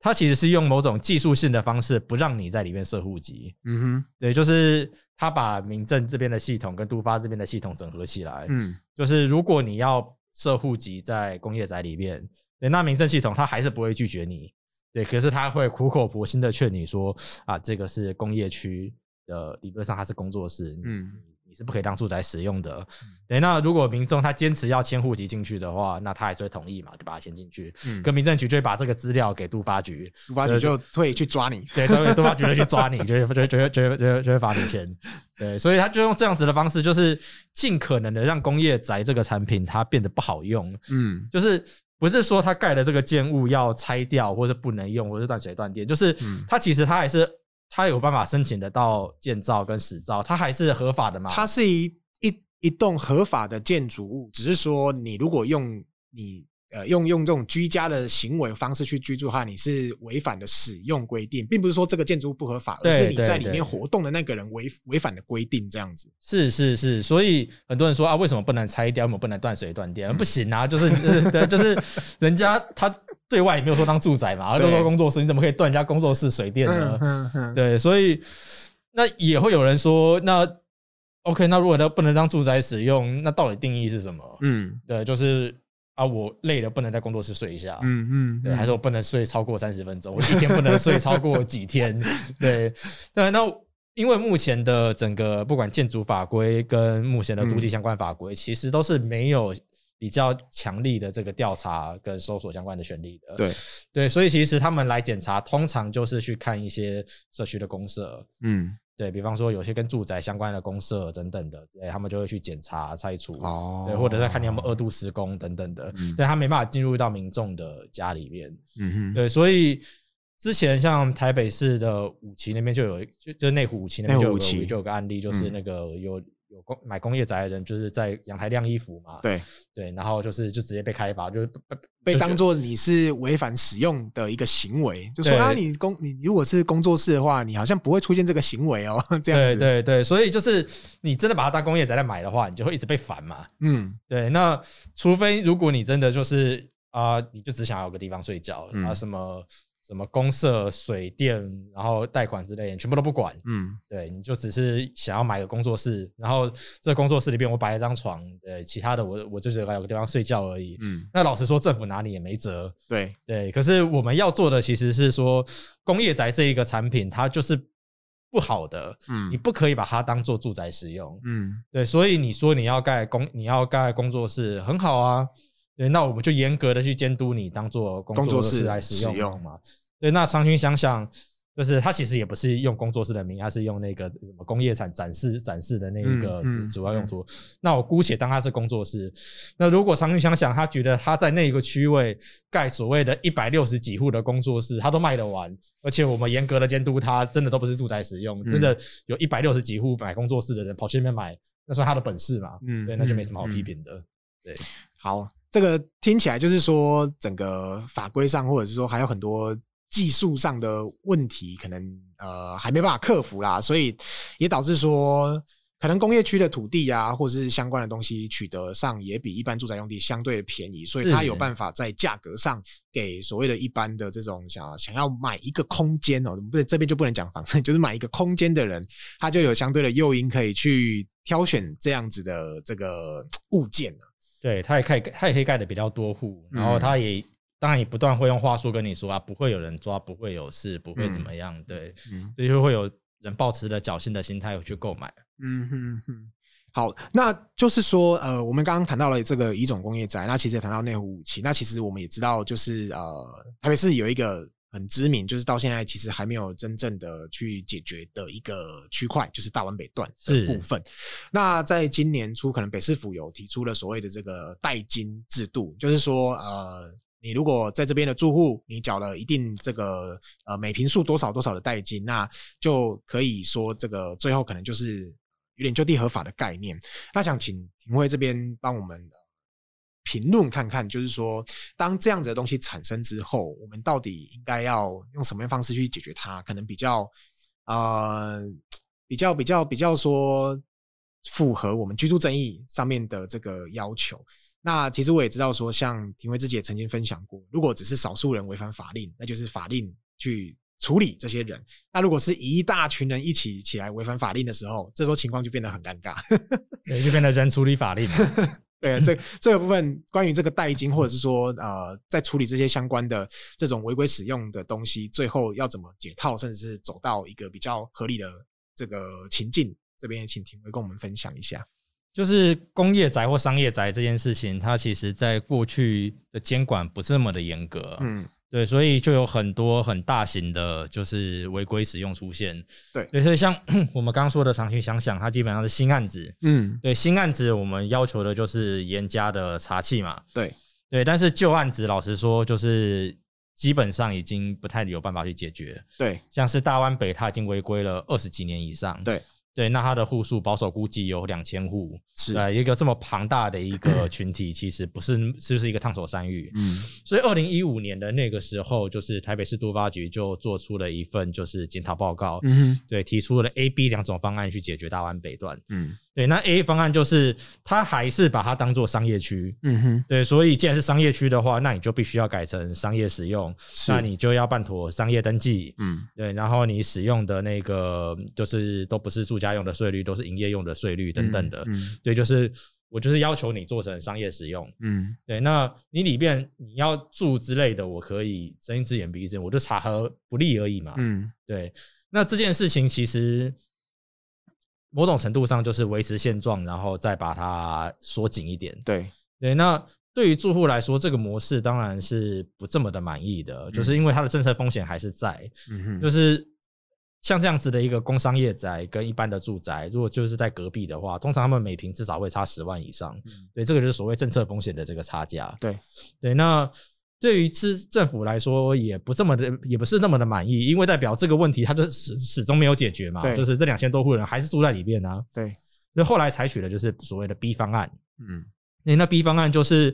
它其實是用某種技術性的方式不讓你在裡面設戶籍，嗯哼，對，就是它把民政這邊的系統跟都發這邊的系統整合起來，嗯，就是如果你要設戶籍在工業宅裡面。對，那民政系統他還是不會拒絕你，對，可是他會苦口婆心的勸你說，啊，這個是工業區的，理論上它是工作室，嗯，你，你是不可以當住宅使用的。嗯、對，那如果民眾他堅持要遷戶籍進去的話，那他還是會同意嘛，就把他遷進去，嗯、跟民政局就會把這個資料給都發局，嗯，就是、都發局就會去抓你， <laughs> 對，都發局會去抓你，就會就會就就就就就會罰你錢。對，所以他就用這樣子的方式，就是盡可能的讓工業宅這個產品它變得不好用，嗯，就是。不是說他蓋的這個建物要拆掉，或者是不能用，或者是斷水斷電，就是他其實他還是、嗯、他有辦法申請得到建造跟使照，他還是合法的嘛？它是一一一棟合法的建築物，只是說你如果用你。呃，用用這種居家的行為方式去居住的話，你是違反的使用規定，並不是說這個建築物不合法，而是你在裡面活動的那個人違違反的規定這樣子。是是是，所以很多人說啊，為什麼不能拆掉，怎麼不能斷水斷電？嗯、不行啊，就是、就是、 <laughs> 就是人家他對外也沒有說當住宅嘛，而、啊、對都說工作室，你怎麼可以斷人家工作室水電呢？嗯嗯嗯、對，所以那也會有人說，那 OK，那如果他不能當住宅使用，那到底定義是什麼？嗯，對，就是。啊，我累了，不能在工作室睡一下。嗯嗯，嗯對，還是我不能睡超過三十分鐘，嗯、我一天不能睡超過幾天。 <laughs> 對，對，那那因為目前的整個不管建築法規跟目前的土地相關法規，嗯、其實都是沒有比較強力的這個調查跟搜索相關的權利的。對對，所以其實他們來檢查，通常就是去看一些社區的公設。嗯。對比方說，有些跟住宅相關的公設等等的，對，他們就會去檢查、拆除，哦、對，或者在看你有沒有二度施工等等的，但、嗯、他沒辦法進入到民眾的家裡面。嗯、哼對，所以之前像台北市的五期那邊就有一，就就內湖五期那邊就，奇就有個案例，就是那個有。嗯有工買工業宅的人，就是在陽台晾衣服嘛。對對，然後就是就直接被開發，就是被當做你是違反使用的一個行為，就說對對對、啊、你工你如果是工作室的話，你好像不會出現這個行為哦。這樣子對對對，所以就是你真的把它當工業宅來買的話，你就會一直被煩嘛。嗯，對。那除非如果你真的就是啊、呃，你就只想要有個地方睡覺、嗯、啊什麼。什麼公社水電，然後貸款之類的，你全部都不管。嗯，對，你就只是想要買個工作室，然後這工作室裡邊我擺一張床，對，其他的我我就是來有個地方睡覺而已。嗯，那老實說，政府哪裡也沒轍。對，對。可是我們要做的其實是說，工業宅這一個產品，它就是不好的。嗯，你不可以把它當做住宅使用。嗯，對。所以你說你要蓋工，你要蓋工作室很好啊。對，那我們就嚴格的去監督你當做工作室來使用嘛。對，那常君想想，就是他其實也不是用工作室的名，他是用那個什麼工業產展示展示的那一個主要用途。嗯嗯、那我姑且當他是工作室。那如果常君想想，他覺得他在那一個區位蓋所謂的一百六十幾戶的工作室，他都賣得完，而且我們嚴格的監督，他真的都不是住宅使用，嗯、真的有一百六十幾戶買工作室的人跑去那邊買，那算他的本事嘛？嗯，對，那就沒什麼好批評的。嗯嗯、對，好，這個聽起來就是說整個法規上，或者是說還有很多。技術上的問題可能呃還沒辦法克服啦，所以也導致說可能工業區的土地啊，或者是相關的東西取得上也比一般住宅用地相對便宜，所以他有辦法在價格上給所謂的一般的這種想想要買一個空間哦，對，這邊就不能講房子，就是買一個空間的人，他就有相對的誘因可以去挑選這樣子的這個物件了。對，他也可以他也可以蓋的比較多戶，然後他也。當然也不斷會用話術跟你說啊，不會有人抓，不會有事，不會怎麼樣，嗯、對，嗯、所以就會有人抱持着僥倖的心態去購買。嗯哼哼，好，那就是說，呃，我們剛剛談到了這個乙種工業宅。那其實也談到內湖五期。那其實我們也知道，就是呃，台北市有一個很知名，就是到現在其實還沒有真正的去解決的一個區塊，就是大灣北段的部分。是那在今年初，可能北市府有提出了所謂的這個代金制度，就是說，呃。你如果在這邊的住戶，你繳了一定這個呃每坪數多少多少的代金，那就可以說這個最後可能就是有點就地合法的概念。那想請庭輝這邊幫我們評論看看，就是說當這樣子的東西產生之後，我們到底應該要用什麼樣方式去解決它？可能比較呃比較比較比較說符合我們居住正義上面的這個要求。那其實我也知道說像庭輝自己也曾經分享過，如果只是少數人違反法令，那就是法令去處理這些人。那如果是一大群人一起起來違反法令的時候，這時候情況就變得很尷尬， <laughs> 就變得人處理法令。 <laughs> 對，這 <laughs> 這個部分關於這個代金或者是說呃，在處理這些相關的這種違規使用的東西，最後要怎麼解套，甚至是走到一個比較合理的這個情境，這邊請庭輝跟我們分享一下。就是工業宅或商業宅這件事情，它其實在過去的監管不這麼的嚴格啊，嗯，對，所以就有很多很大型的，就是違規使用出現，對，對，所以像我們剛說的長期想想，它基本上是新案子，嗯，對，新案子我們要求的就是嚴加的查氣嘛，對，對，但是舊案子老實說，就是基本上已經不太有辦法去解決，對，像是大彎北段，它已經違規了二十幾年以上，對。對，那它的戶數保守估計有兩千戶，是呃，一個這麼龐大的一個群體，其實不是不 <coughs> 是一個燙手山芋。嗯，所以二零一五年的那個時候，就是台北市都發局就做出了一份就是檢討報告，嗯哼，對，提出了 A、B 兩種方案去解決大彎北段，嗯。對，那 A 方案就是他還是把它當做商業區，嗯哼，對，所以既然是商業區的話，那你就必須要改成商業使用，是那你就要辦妥商業登記，嗯，對，然後你使用的那個就是都不是住家用的稅率，都是營業用的稅率等等的，嗯，嗯，嗯，對，就是我就是要求你做成商業使用，嗯，對，那你裡邊你要住之類的，我可以睜一隻眼閉一隻眼，我就查核不利而已嘛，嗯，對，那這件事情其實。某種程度上就是維持現狀，然後再把它縮緊一點。對對，那對於住戶來說，這個模式當然是不這麼的滿意的，嗯、就是因為它的政策風險還是在。嗯哼，就是像這樣子的一個工商業宅跟一般的住宅，如果就是在隔壁的話，通常他們每平至少會差十萬以上。嗯，對，這個就是所謂政策風險的這個差價。對對，那。對於市政府來說，也不這麼的，也不是那麼的滿意，因為代表這個問題，它就始始終沒有解決嘛，對就是這兩千多戶人還是住在裡面呢，啊。對，那後來採取的就是所謂的 B 方案，嗯，那那 B 方案就是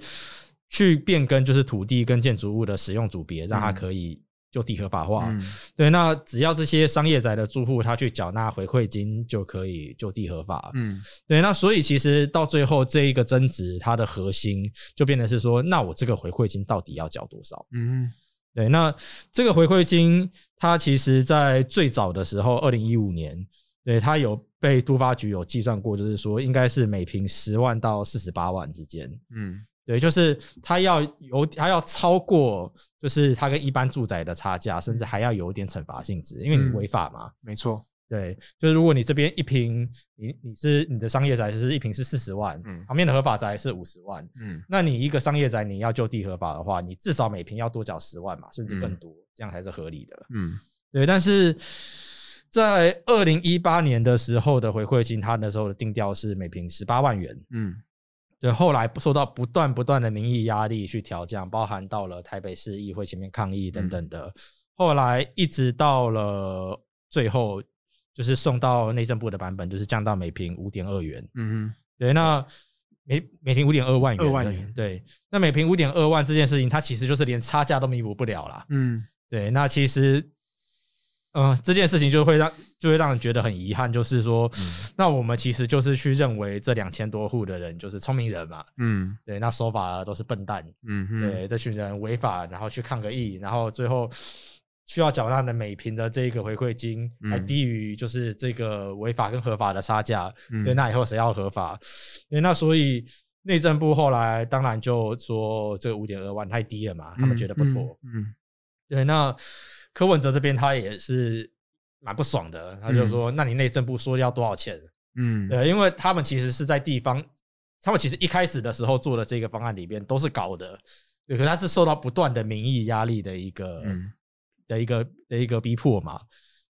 去變更，就是土地跟建築物的使用組別，讓它可以，嗯。就地合法化，嗯、對，那只要這些商業宅的住戶他去繳納回饋金就可以就地合法，嗯，對，那所以其實到最後這一個增值它的核心就變成是說，那我這個回饋金到底要繳多少？嗯哼，對，那這個回饋金它其實在最早的時候，二零一五年，對，它有被都發局有計算過，就是說應該是每坪十萬到四十八萬之間，嗯。對，就是它要有，它要超過，就是它跟一般住宅的差價，甚至還要有點懲罰性質，因為你違法嘛。嗯、沒錯，對，就是如果你這邊一坪，你你是你的商業宅就是一坪是四十萬，嗯，旁邊的合法宅是五十萬，嗯，那你一個商業宅你要就地合法的話，你至少每坪要多繳十萬嘛，甚至更多，嗯、這樣才是合理的。嗯，對，但是在二零一八年的時候的回饋金，它那時候的定調是每坪十八萬元，嗯。對，後來受到不斷不斷的民意壓力去調降，包含到了台北市議會前面抗議等等的，嗯、後來一直到了最後，就是送到內政部的版本，就是降到每坪五點二元。嗯哼，對，那每每坪五點二萬元，二萬元，對，那每坪五點二萬這件事情，它其實就是連差價都彌補不了啦。嗯，對，那其實。嗯、呃，這件事情就會讓就會讓人覺得很遺憾，就是說，嗯、那我們其實就是去認為這兩千多戶的人就是聰明人嘛，嗯，對，那說、so、法都是笨蛋，嗯嗯哼，對，這群人違法，然後去抗個議，然後最後需要繳納的每坪的這一個回饋金還低於就是這個違法跟合法的差價，嗯、對，那以後誰要合法？嗯、對，那所以內政部後來當然就說這個五點二萬太低了嘛，嗯、他們覺得不妥，嗯，嗯嗯對，那。柯文哲這邊他也是蠻不爽的，他就說：“嗯、那你內政部說要多少錢？”嗯，因為他們其實是在地方，他們其實一開始的時候做的這個方案裡邊都是搞的，可是他是受到不斷的民意壓力的一個、嗯、的一個的一個逼迫嘛。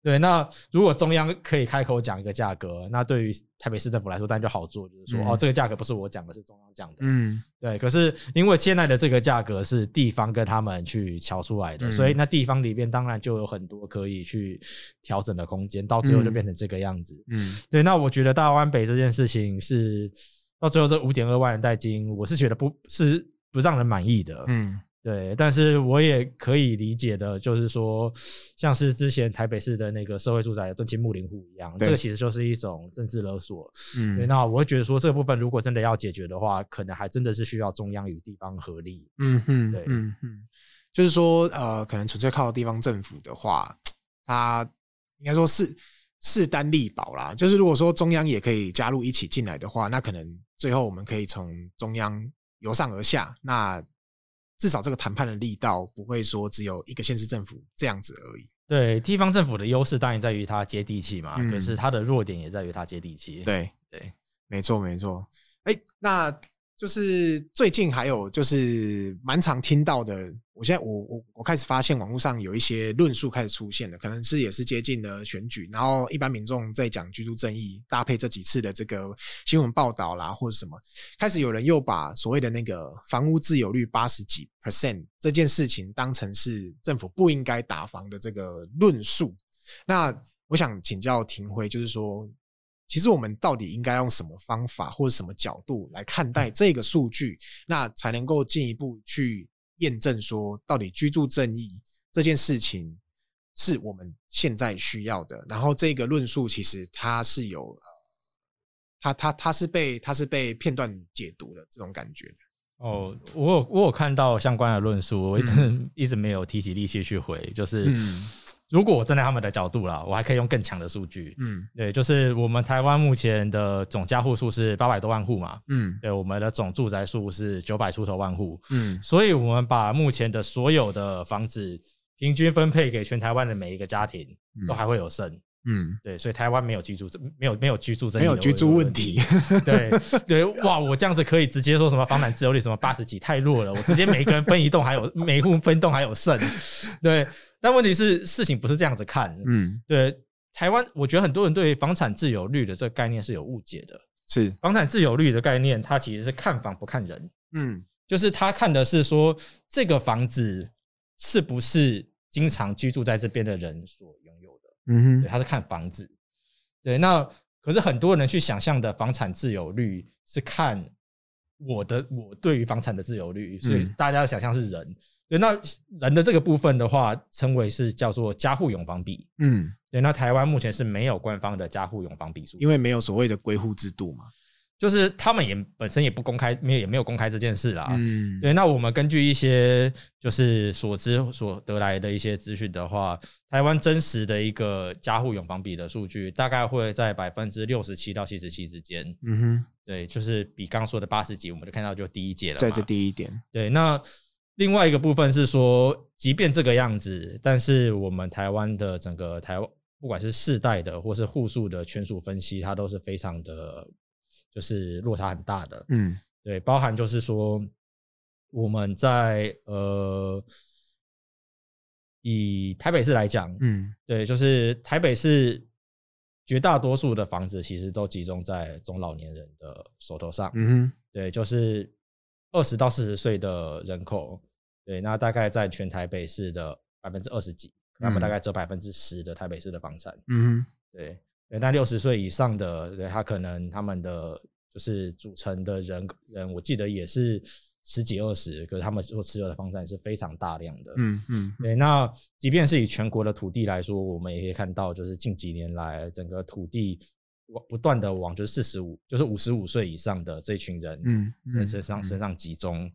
對，那如果中央可以開口講一個價格，那對於台北市政府來說，當然就好做，就是說，嗯、哦，這個價格不是我講的，是中央講的。嗯，對。可是因為現在的這個價格是地方跟他們去敲出來的，嗯、所以那地方裡面當然就有很多可以去調整的空間，到最後就變成這個樣子。嗯，對。那我覺得大彎北這件事情是到最後這五點二萬元代金，我是覺得不，是不讓人滿意的。嗯。對，但是我也可以理解的，就是說，像是之前台北市的那個社會住宅的敦親睦鄰戶一樣，對這個其實就是一種政治勒索。嗯、對，那我會覺得說，這個部分如果真的要解決的話，可能還真的是需要中央與地方合力。嗯哼，對，嗯哼，就是說，呃，可能純粹靠地方政府的話，他應該說是勢單力薄啦。就是如果說中央也可以加入一起進來的話，那可能最後我們可以從中央由上而下，那。至少這個談判的力道不會說只有一個縣市政府這樣子而已。對，地方政府的優勢當然在於它接地氣嘛，嗯、可是它的弱點也在於它接地氣。對對，對沒錯沒錯。哎、欸，那。就是最近還有就是蠻常聽到的，我現在我我我開始發現網絡上有一些論述開始出現了，可能是也是接近了選舉，然後一般民眾在講居住正義，搭配這幾次的這個新聞報道啦或者什麼，開始有人又把所謂的那個房屋自有率八十幾 percent 這件事情當成是政府不應該打房的這個論述。那我想請教庭輝，就是說。其實我們到底應該用什麼方法或者什麼角度來看待這個數據，那才能夠進一步去驗證說，到底居住正義這件事情是我們現在需要的？然後這個論述其實它是有，它它它是被它是被片段解讀的這種感覺。哦，我有我有看到相關的論述，我一直、嗯、一直沒有提起力氣去回，就是。嗯如果我站在他們的角度啦，我還可以用更強的數據。嗯，對，就是我們台灣目前的總家戶數是八百多萬戶嘛。嗯，對，我們的總住宅數是九百出頭萬戶。嗯，所以，我們把目前的所有的房子平均分配給全台灣的每一個家庭，都還會有剩。嗯嗯，對，所以台灣沒有居住證，沒有沒有居住證，沒有居住問題。 <laughs> 對對，哇，我這樣子可以直接說什麼房產自有率什麼八十幾太弱了，我直接每個人分一棟，還有 <laughs> 每一戶分棟還有剩。對，但問題是事情不是這樣子看。嗯，對，台灣我覺得很多人對於房產自有率的這個概念是有誤解的。是房產自有率的概念，它其實是看房不看人。嗯，就是他看的是說這個房子是不是經常居住在這邊的人所。嗯哼對，他是看房子，對，那可是很多人去想象的房產自有率是看我的，我對於房產的自有率，所以大家的想象是人，嗯、對，那人的這個部分的話稱為是叫做家戶擁房比，嗯，對，那台灣目前是沒有官方的家戶擁房比數，因為沒有所謂的歸戶制度嘛。就是他們也本身也不公開，沒有也沒有公開這件事啦。嗯，對。那我們根據一些就是所知所得來的一些資訊的話，台灣真實的一個家戶擁房比的數據大概會在百分之六十七到七十七之間。嗯哼，對，就是比剛說的八十幾，我們就看到就第一階了，在這第一點。對，那另外一個部分是說，即便這個樣子，但是我們台灣的整個台灣，不管是世代的或是戶數的群數分析，它都是非常的。就是落差很大的，嗯，對，包含就是說，我們在呃，以台北市來講，嗯，對，就是台北市絕大多數的房子其實都集中在中老年人的手頭上，嗯哼，對，就是二十到四十歲的人口，對，那大概在全台北市的百分之二十幾，那麼大概只有百分之十的台北市的房產，嗯哼，對。那六十歲以上的，他可能他們的就是組成的人人，我記得也是十幾二十，可是他們所持有的房產是非常大量的。嗯嗯。對，那即便是以全國的土地來說，我們也可以看到，就是近幾年來整個土地不斷的往就是四十五，就是五十五歲以上的這群人嗯，嗯，身上身上集中。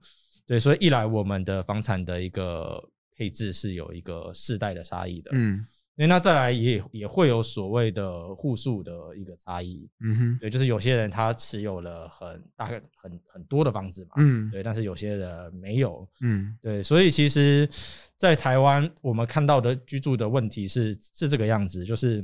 對，所以一來我們的房產的一個配置是有一個世代的差異的。嗯。那再來也也會有所謂的戶數的一個差異，嗯哼，對，就是有些人他持有了很大概很很多的房子嘛，嗯，對，但是有些人沒有，嗯，對，所以其實，在台灣我們看到的居住的問題是是這個樣子，就是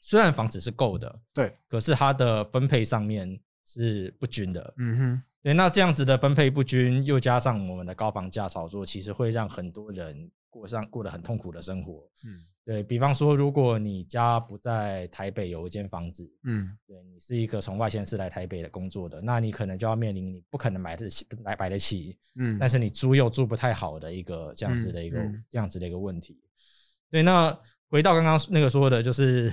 雖然房子是夠的，對，可是它的分配上面是不均的，嗯哼，對，那這樣子的分配不均，又加上我們的高房價炒作，其實會讓很多人過上過得很痛苦的生活，嗯。對，比方說，如果你家不在台北，有一間房子，嗯，對，你是一個從外縣市來台北的工作的，那你可能就要面臨你不可能買得起，買買得起，嗯，但是你租又租不太好的一個這樣子的一個、嗯、這樣子的一個問題。對，那回到剛剛那個說的，就是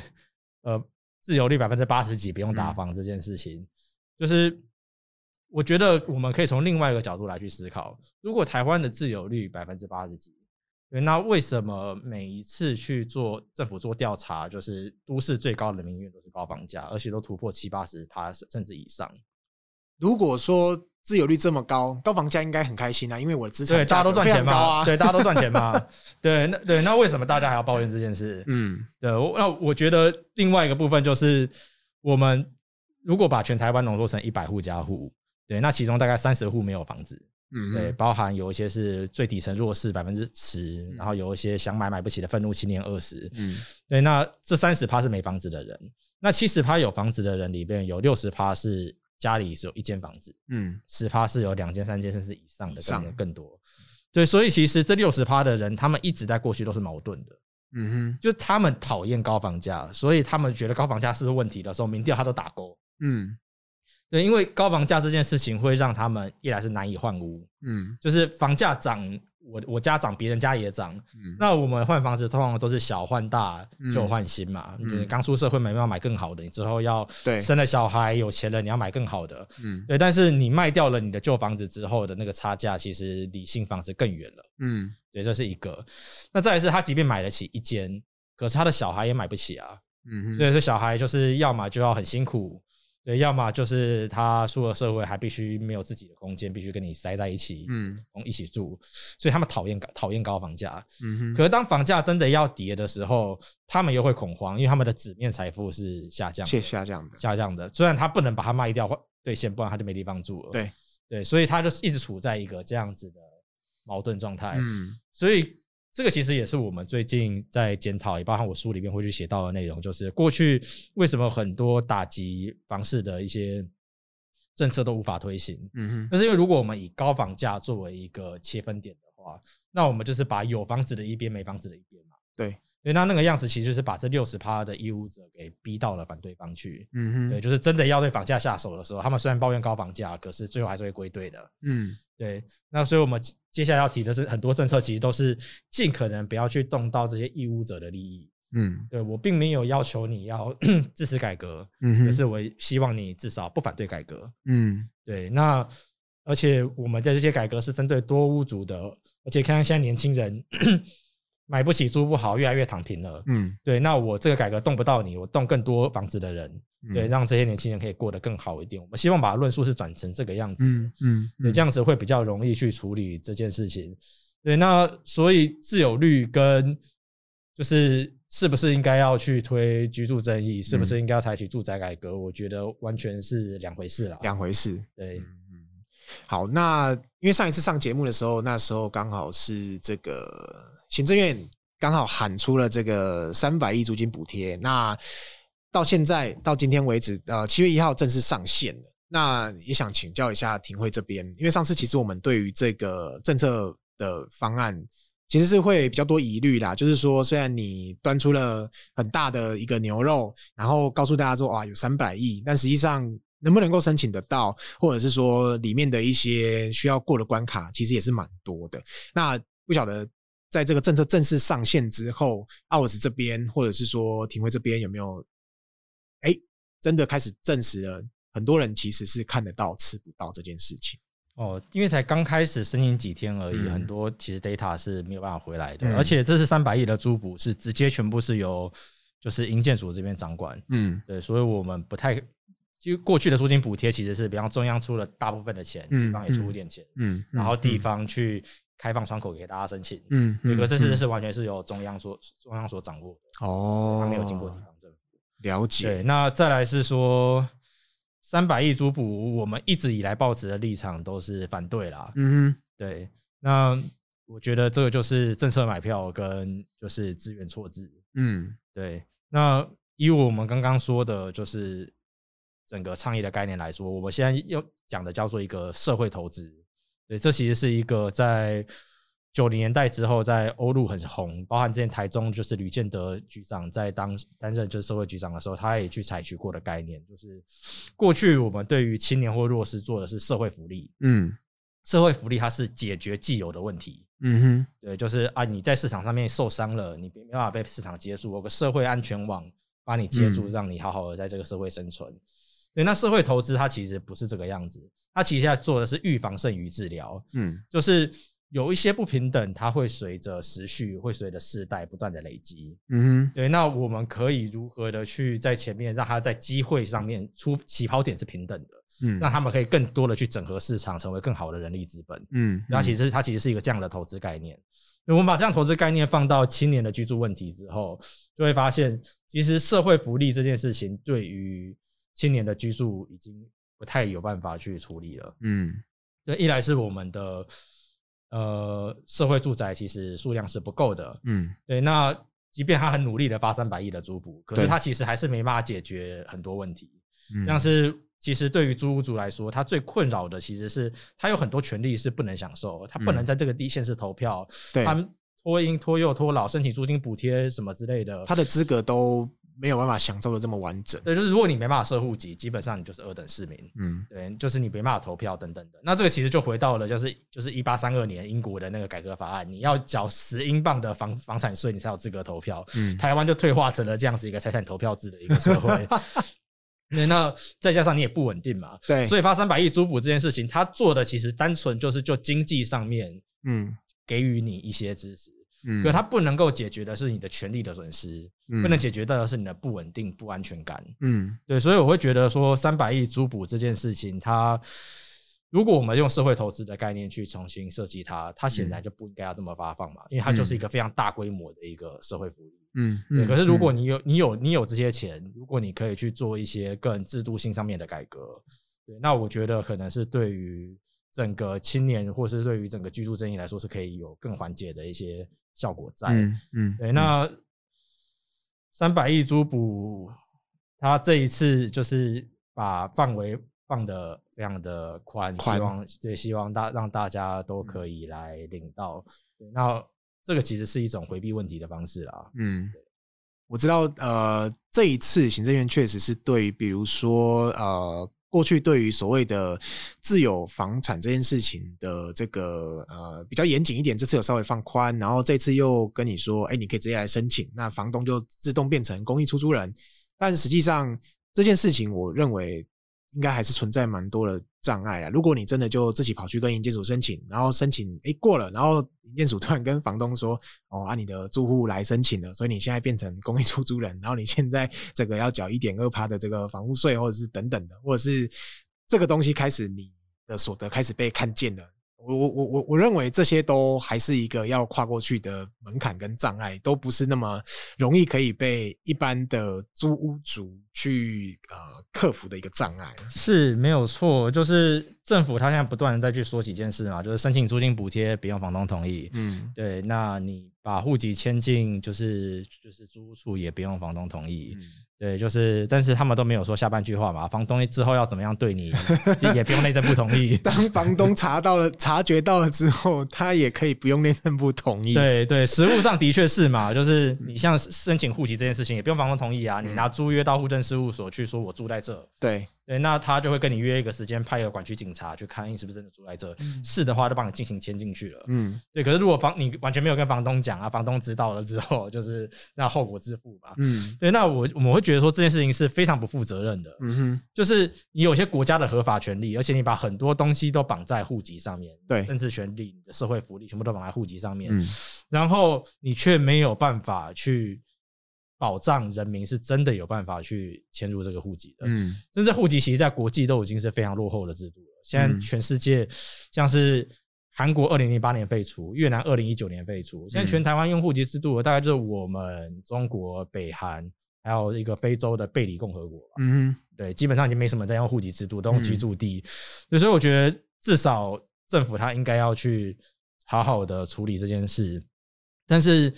呃，自由率百分之八十幾，不用打房這件事情，嗯、就是我覺得我們可以從另外一個角度來去思考，如果台灣的自由率百分之八十幾。對，那為什麼每一次去做政府做調查，就是都市最高的民怨都是高房價，而且都突破七八十趴甚至以上。如果說自有率這麼高，高房價應該很開心啊，因為我的資產高、啊、 <laughs> 對大家都賺錢嘛，對大家都賺錢嘛 <laughs> 對那對那為什麼大家還要抱怨這件事？嗯，對我，那我覺得另外一個部分就是，我們如果把全台灣濃縮成一百戶家戶，對，那其中大概三十戶沒有房子。嗯，對，包含有一些是最底層弱勢百分之十，嗯、然後有一些想買買不起的憤怒青年二十，嗯，對，那這三十趴是沒房子的人，那七十趴有房子的人裡面有六十趴是家裡只有一間房子，嗯，十趴是有兩間、三間甚至以上的更更多，以上，對，所以其實這六十趴的人他們一直在過去都是矛盾的，嗯哼，就他們討厭高房價，所以他們覺得高房價是個問題的時候，民調他都打勾，嗯。對，因為高房價這件事情會讓他們一來是難以換屋，嗯，就是房價漲，我我家漲，別人家也漲，嗯，那我們換房子通常都是小換大，舊換、嗯、新嘛，嗯，剛出社會沒辦法買更好的，你之後要對生了小孩對有錢了，你要買更好的，嗯，對，但是你賣掉了你的舊房子之後的那個差價，其實離新房子更遠了，嗯，所以這是一個，那再來是他即便買得起一間，可是他的小孩也買不起啊，嗯哼，所以說小孩就是要麼就要很辛苦。對，要麼就是他出了社會還必須沒有自己的空間，必須跟你塞在一起，嗯，一起住，所以他們討厭討厭高房價，嗯哼，可是當房價真的要跌的時候，他們又會恐慌，因為他們的紙面財富是下降的。下降的，下降的。雖然他不能把它賣掉，對，兌現，不然他就沒地方住了，對，對，所以他就一直處在一個這樣子的矛盾狀態，嗯，所以。這個其實也是我們最近在檢討，也包含我書裡面會去寫到的內容，就是過去為什麼很多打擊房市的一些政策都無法推行？嗯哼，但是因為如果我們以高房價作為一個切分點的話，那我們就是把有房子的一邊、沒房子的一邊嘛。對，所以那那個樣子其實是把這六十趴的義務者給逼到了反對方去。嗯哼，對，就是真的要對房價下手的時候，他們雖然抱怨高房價，可是最後還是會歸隊的。嗯。對，那所以我們接下來要提的是，很多政策其實都是盡可能不要去動到這些義務者的利益嗯。嗯，對，我並沒有要求你要 <coughs> 支持改革，嗯哼，可是我希望你至少不反對改革。嗯，對，那而且我們的這些改革是針對多屋主的，而且看看現在年輕人 <coughs> 買不起、租不好，越來越躺平了。嗯，對，那我這個改革動不到你，我動更多房子的人。對，讓這些年輕人可以過得更好一點。我們希望把它論述是轉成這個樣子嗯，嗯嗯，對，這樣子會比較容易去處理這件事情。對，那所以自有率跟就是是不是應該要去推居住正義，是不是應該要採取住宅改革？嗯、我覺得完全是兩回事了，兩回事。對、嗯，好，那因為上一次上節目的時候，那時候剛好是這個行政院剛好喊出了這個三百億租金補貼，那。到現在到今天為止，呃，七月一號正式上線了。那也想請教一下庭輝這邊，因為上次其實我們對於這個政策的方案，其實是會比較多疑慮啦。就是說，雖然你端出了很大的一個牛肉，然後告訴大家說，哇，有三百億，但實際上能不能夠申請得到，或者是說裡面的一些需要過的關卡，其實也是蠻多的。那不曉得在這個政策正式上線之後，OURs 這邊或者是說庭輝這邊有沒有？真的開始證實了，很多人其實是看得到、吃不到這件事情。哦，因為才剛開始申請幾天而已，嗯、很多其實 data 是沒有辦法回來的。嗯、而且這是三百億的租補，是直接全部是由就是營建署這邊掌管。嗯，對，所以我們不太，就過去的租金補貼其實是，比方中央出了大部分的錢，嗯、地方也出一點錢，嗯，嗯嗯，然後地方去開放窗口給大家申請，嗯，這、嗯、個、嗯、這次是完全是由中央所、中央所掌握的。哦，他沒有經過地方。了解。對，那再來是說三百億租補，我們一直以來抱持的立場都是反對啦。嗯哼對。那我覺得這個就是政策買票跟就是資源錯置。嗯，對。那以我們剛剛說的，就是整個倡議的概念來說，我們現在要講的叫做一個社會投資。對，這其實是一個在。九零年代之後，在歐陸很紅，包含之前台中就是呂建德局長在當擔任就是社會局長的時候，他也去採取過的概念，就是過去我們對於青年或弱勢做的是社會福利，嗯，社會福利它是解決既有的問題，嗯哼，對，就是啊，你在市場上面受傷了，你沒辦法被市場接住，有個社會安全網把你接住，讓你好好的在這個社會生存。對，那社會投資它其實不是這個樣子，它其實在做的是預防勝於治療，嗯，就是。有一些不平等，它會隨着時序，會隨着世代不斷的累積。嗯哼，對。那我們可以如何的去在前面，讓它在機會上面出起跑點是平等的。嗯，讓他們可以更多的去整合市場，成為更好的人力資本。嗯，嗯，那其實它其實是一個這樣的投資概念。那我們把這樣投資概念放到青年的居住問題之後，就會發現，其實社會福利這件事情對於青年的居住已經不太有辦法去處理了。嗯，這一來是我們的。呃，社會住宅其實數量是不夠的，嗯，對。那即便他很努力的發三百億的租補，可是他其實還是沒辦法解決很多問題。嗯、但是其實對於租屋族來說，他最困擾的其實是他有很多權利是不能享受，他不能在這個第一線是投票，對、嗯，他托嬰、托幼、托老，申請租金補貼什麼之類的，他的資格都沒有辦法享受的這麼完整，對，就是如果你沒辦法設戶籍，基本上你就是二等市民，嗯，對，就是你沒辦法投票等等的。那這個其實就回到了，就是，就是就是一八三二年英國的那個改革法案，你要繳十英鎊的房房產稅，你才有資格投票。嗯，台灣就退化成了這樣子一個財產投票制的一個社會。 <laughs> 對，那再加上你也不穩定嘛，對，所以發三百億租補這件事情，他做的其實單純就是就經濟上面，嗯，給予你一些支持。嗯嗯、可它不能夠解決的是你的權利的損失，嗯、不能解決的是你的不穩定、不安全感。嗯，對，所以我會覺得說，三百億租補這件事情，它如果我們用社會投資的概念去重新設計它，它顯然就不應該要這麼發放嘛，嗯、因為它就是一個非常大規模的一個社會福利、嗯。嗯，對，可是如果你有你有你有這些錢，如果你可以去做一些更制度性上面的改革，對，那我覺得可能是對於整個青年，或是對於整個居住正義來說，是可以有更緩解的一些。效果在，嗯，嗯對，那三百億租補，他這一次就是把範圍放得非常的寬，寬希望對，希望大讓大家都可以來領到。對，那這個其實是一種回避問題的方式了啊。嗯，對我知道，呃，這一次行政院確實是對於，比如說，呃。過去對於所謂的自有房產這件事情的這個呃比較嚴謹一點，這次有稍微放寬，然後這次又跟你說，哎，你可以直接來申請，那房東就自動變成公益出租人。但實際上這件事情，我認為應該還是存在蠻多的障礙啊。如果你真的就自己跑去跟營建署申請，然後申請哎、欸、過了，然後。業主突然跟房東說：“哦、按、啊、你的住戶來申請了，所以你現在變成公益出租人，然後你現在這個要繳一點二趴的這個房屋稅，或者是等等的，或者是這個東西開始你的所得開始被看見了。”我我我我我認為這些都還是一個要跨過去的門檻跟障礙，都不是那麼容易可以被一般的租屋族去呃克服的一個障礙。是沒有錯，就是政府他現在不斷的再去說幾件事嘛，就是申請租金補貼不用房東同意，嗯，對，那你把戶籍遷進就是就是租屋處也不用房東同意。嗯對，就是，但是他們都沒有說下半句話嘛。房東之後要怎麼樣對你， <laughs> 也不用內政不同意內政部同意。當房東查到了， <laughs> 察覺到了之後，他也可以不用內政部同意對。對對，實務上的確是嘛， <laughs> 就是你像申請戶籍這件事情，也不用房東同意啊。你拿租約到戶政事務所去說，我住在這。對。對，那他就會跟你約一個時間，派一個管區警察去看你是不是真的住在這。嗯、是的話，就幫你進行遷進去了。嗯，對。可是如果房你完全沒有跟房東講啊，房東知道了之後，就是那後果自負吧。嗯，對。那我我會覺得說這件事情是非常不負責任的。嗯哼，就是你有些國家的合法權利，而且你把很多東西都綁在戶籍上面，對，政治權利、你的社會福利全部都綁在戶籍上面，嗯、然後你卻沒有辦法去。保障人民是真的有辦法去遷入這個戶籍的，嗯，甚至戶籍其實，在國際都已經是非常落後的制度了。現在全世界，像是韓國二零零八年廢除，越南二零一九年廢除。現在全台灣用戶籍制度的，大概就是我們中國、北韓，還有一個非洲的貝里共和國。嗯，對，基本上已經沒什麼人在用戶籍制度，都用居住地。嗯、所以我覺得，至少政府他應該要去好好的處理這件事。但是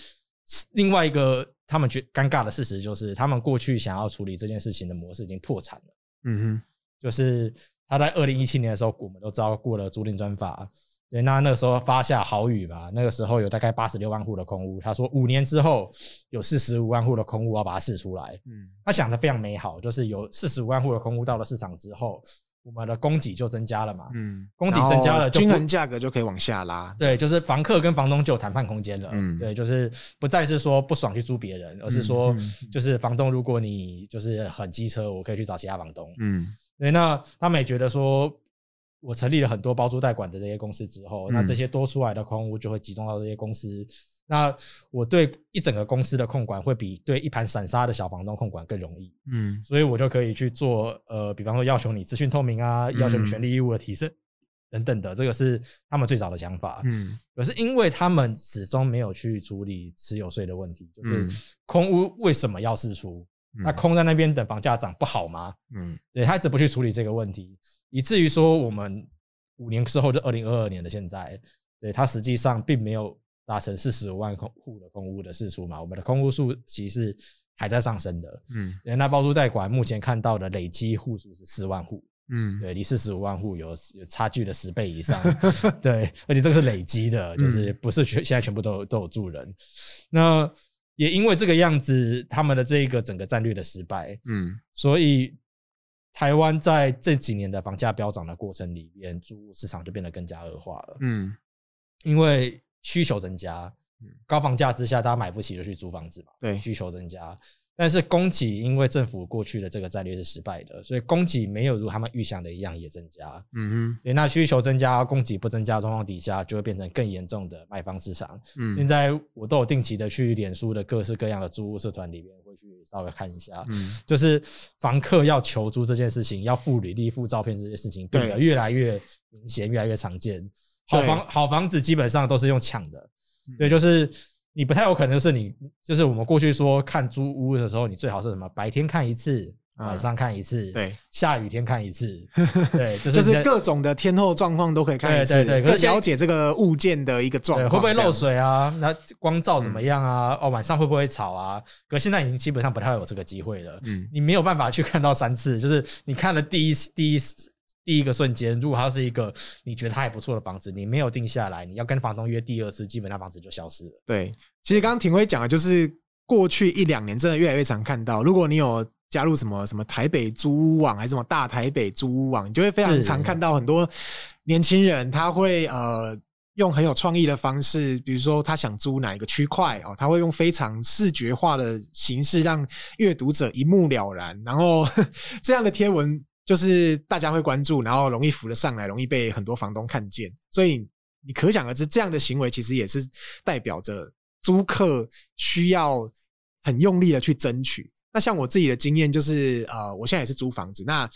另外一個，他們覺尷尬的事實就是，他們過去想要處理這件事情的模式已經破產了。嗯哼，就是他在二零一七年的時候，我們都知道過了租賃專法，對，那那個時候發下豪語吧，那個時候有大概八十六萬戶的空屋，他說五年之後有四十五萬戶的空屋要把它釋出來，嗯，他想的非常美好，就是有四十五萬戶的空屋到了市場之後。我們的供給就增加了嘛，供給增加了，均衡價格就可以往下拉。對，就是房客跟房東就有談判空間了。嗯，對，就是不再是說不爽去租別人，而是說就是房東，如果你就是很機車，我可以去找其他房東。嗯，所以那他們也覺得說，我成立了很多包租代管的這些公司之後，那這些多出來的空屋就會集中到這些公司。那我對一整個公司的控管會比對一盤散沙的小房東控管更容易，嗯，所以我就可以去做，呃，比方說要求你資訊透明啊，要求你權利義務的提升等等的，嗯，這個是他們最早的想法，嗯，可是因為他們始終沒有去處理持有稅的問題，就是空屋為什麼要釋出？嗯，那空在那邊等房價漲不好嗎？嗯對，對，他一直不去處理這個問題，以至於說我們五年之後就二零二二年的現在，對，他實際上並沒有。達成四十五萬戶的空屋的數嘛，我們的空屋數其實還在上升的。嗯，那包租貸款目前看到的累計戶數是四萬戶，嗯，對，離四十五萬戶有差距的十倍以上。 <laughs> 對，而且這個是累積的，就是不是全現在全部都都有住人。那也因為這個樣子，他們的這一個整個戰略的失敗，嗯，所以台灣在這幾年的房價飆漲的過程裡面，租屋市場就變得更加惡化了。嗯，因為。需求增加，高房價之下，大家買不起就去租房子嘛。對，需求增加，但是供給因為政府過去的這個戰略是失敗的，所以供給沒有如他們預想的一樣也增加。嗯哼，那需求增加、供給不增加的狀況底下，就會變成更嚴重的賣方市場。嗯，現在我都有定期的去臉書的各式各樣的租屋社團裡面，會去稍微看一下。嗯，就是房客要求租這件事情，要付履歷、付照片這些事情，對的，越來越明顯、對越來越常見。好房好房子基本上都是用搶的，對，就是你不太有可能，就是你就是我們過去說看租屋的時候，你最好是什麼白天看一次，晚上看一次，嗯、對，下雨天看一次，對，就是就是各種的天候狀況都可以看一次，對，對，對，可以了解這個物件的一個狀況，會不會漏水啊？那光照怎麼樣啊？哦，晚上會不會吵啊？可現在已經基本上不太有這個機會了，嗯，你沒有辦法去看到三次，就是你看了第一次，第一次。第一個瞬間，如果它是一個你覺得它還不錯的房子，你沒有定下來，你要跟房東約第二次，基本上房子就消失了。對，其實剛剛庭輝講的就是過去一兩年，真的越來越常看到，如果你有加入什麼什麼台北租屋網，還是什麼大台北租屋網，你就會非常常看到很多年輕人，他會呃用很有創意的方式，比如說他想租哪一個區塊哦，他會用非常視覺化的形式讓閱讀者一目了然，然後這樣的貼文，就是大家會關注，然後容易浮了上來，容易被很多房東看見，所以你可想而知，這樣的行為其實也是代表着租客需要很用力的去爭取。那像我自己的經驗就是，呃，我現在也是租房子，那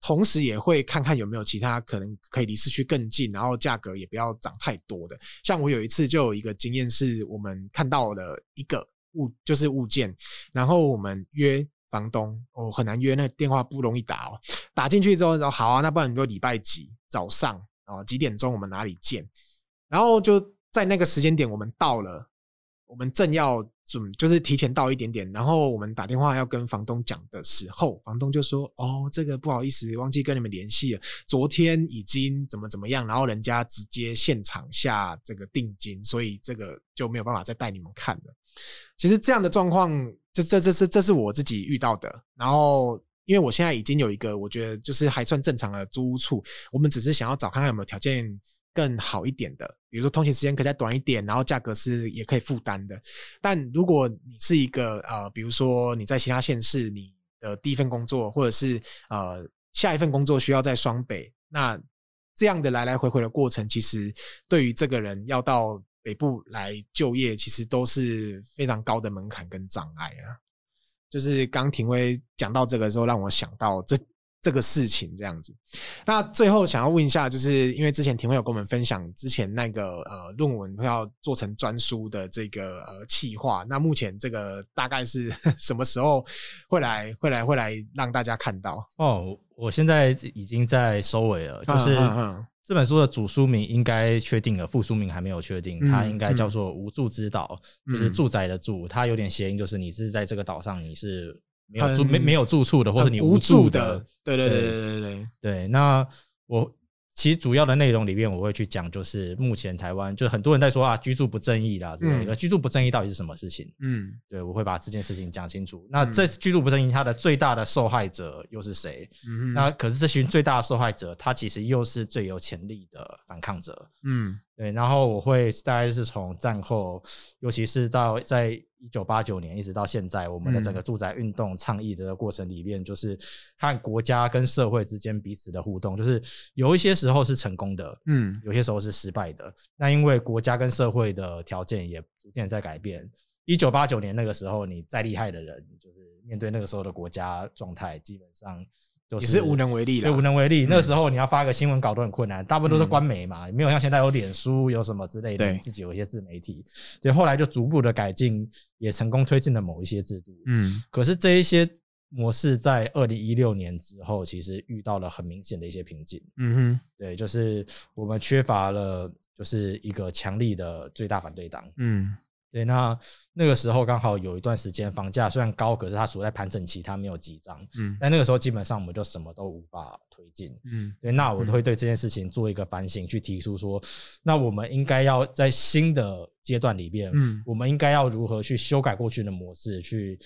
同時也會看看有沒有其他可能可以離市區更近，然後價格也不要漲太多的。像我有一次就有一個經驗，是我們看到了一個物，就是物件，然後我們約。房東，我、哦、很難約，那個、電話不容易打哦。打進去之後，說好啊，那不然你就禮拜幾早上哦幾點鐘我們哪裡見？然後就在那個時間點，我們到了，我們正要準，就是提前到一點點。然後我們打電話要跟房東講的時候，房東就說：“哦，這個不好意思，忘記跟你們聯繫了。昨天已經怎麼怎麼樣，然後人家直接現場下這個定金，所以這個就沒有辦法再帶你們看了。”其實這樣的狀況，這這這是這是我自己遇到的。然後，因為我現在已經有一個，我覺得就是還算正常的租屋處。我們只是想要找看看有沒有條件更好一點的，比如說通勤時間可以再短一點，然後價格是也可以負擔的。但如果你是一個呃，比如說你在其他縣市，你的第一份工作或者是呃下一份工作需要在雙北，那這樣的來來回回的過程，其實對於這個人要到。北部來就業其實都是非常高的門檻跟障礙啊。就是剛庭輝講到這個時候，讓我想到這這個事情這樣子。那最後想要問一下，就是因為之前庭輝有跟我們分享之前那個呃論文要做成專書的這個呃企劃，那目前這個大概是什麼時候會來會來會來讓大家看到？哦，我現在已經在收尾了，就是、啊。啊啊這本書的主書名應該確定了，副書名還沒有確定。它應該叫做無“無住之島”，就是住宅的“住”，嗯、它有點諧音，就是你是在這個島上，你是沒有住很沒沒有住處的，或者你無，無助的。對對對對對對對。那我。其實主要的內容裡面，我會去講，就是目前台灣就是很多人在說啊，居住不正義啦、嗯、這種的，居住不正義到底是什麼事情？嗯，對，我會把這件事情講清楚。那這居住不正義，它的最大的受害者又是誰？嗯、那可是這群最大的受害者，他其實又是最有潛力的反抗者。嗯，對，然後我會大概就是從戰後，尤其是到在。一九八九年一直到現在，我們的整個住宅運動倡議的過程裡面，就是和國家跟社會之間彼此的互動，就是有一些時候是成功的，嗯，有些時候是失敗的。那因為國家跟社會的條件也逐漸在改變。一九八九年那個時候，你再厲害的人，就是面對那個時候的國家狀態，基本上。就是、也是無能為力，對，無能為力。那時候你要發個新聞稿都很困難，大部分都是官媒嘛，嗯、沒有像現在有臉書有什麼之類的，對自己有一些自媒體。對，後來就逐步的改進，也成功推進了某一些制度。嗯，可是這一些模式在二零一六年之後，其實遇到了很明顯的一些瓶頸。嗯哼，對，就是我們缺乏了就是一個強力的最大反對黨。嗯。對，那那個時候剛好有一段時間房價雖然高，可是它處在盤整期，它沒有急漲。嗯，但那個時候基本上我們就什麼都無法推進。嗯，對，那我都會對這件事情做一個反省，去提出說，嗯、那我們應該要在新的階段裡面，嗯，我們應該要如何去修改過去的模式，去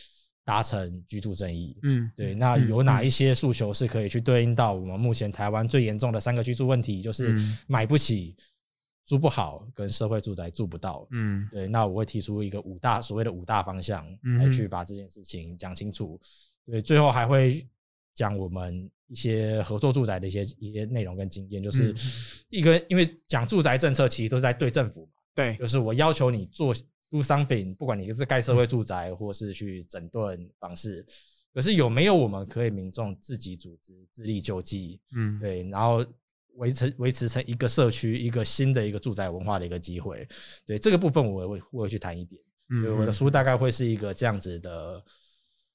達成居住正義。嗯，對，那有哪一些訴求是可以去對應到我們目前台灣最嚴重的三個居住問題，就是買不起。嗯住不好跟社會住宅住不到，嗯，對，那我會提出一個五大所謂的五大方向來去把這件事情講清楚，嗯、對，最後還會講我們一些合作住宅的一些一些內容跟經驗，就是一個、嗯、因為講住宅政策其實都是在對政府嘛，對，就是我要求你做 do something，不管你是蓋社會住宅、嗯、或是去整頓房市，可是有沒有我們可以民眾自己組織自力救濟？嗯，對，然後。維持維持成一個社區，一個新的一個住宅文化的一個機會，對這個部分我會我會去談一點，嗯，我的書大概會是一個這樣子的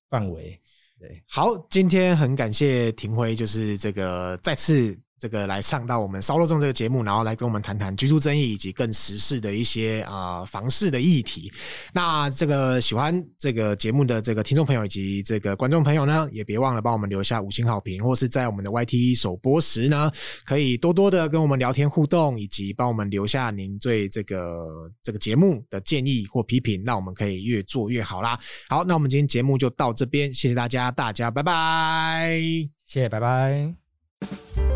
範圍。對，好，今天很感謝庭輝，就是這個再次。這個來上到我們《燒 Roast 眾》這個節目，然後來跟我們談談居住正義以及更時事的一些啊、呃、房市的議題。那這個喜歡這個節目的這個聽眾朋友以及這個觀眾朋友呢，也別忘了幫我們留下五星好評，或是在我們的 YT 首播時呢，可以多多的跟我們聊天互動，以及幫我們留下您對這個這個節目的建議或批評，讓我們可以越做越好啦。好，那我們今天節目就到這邊，謝謝大家，大家拜拜，謝謝，拜拜。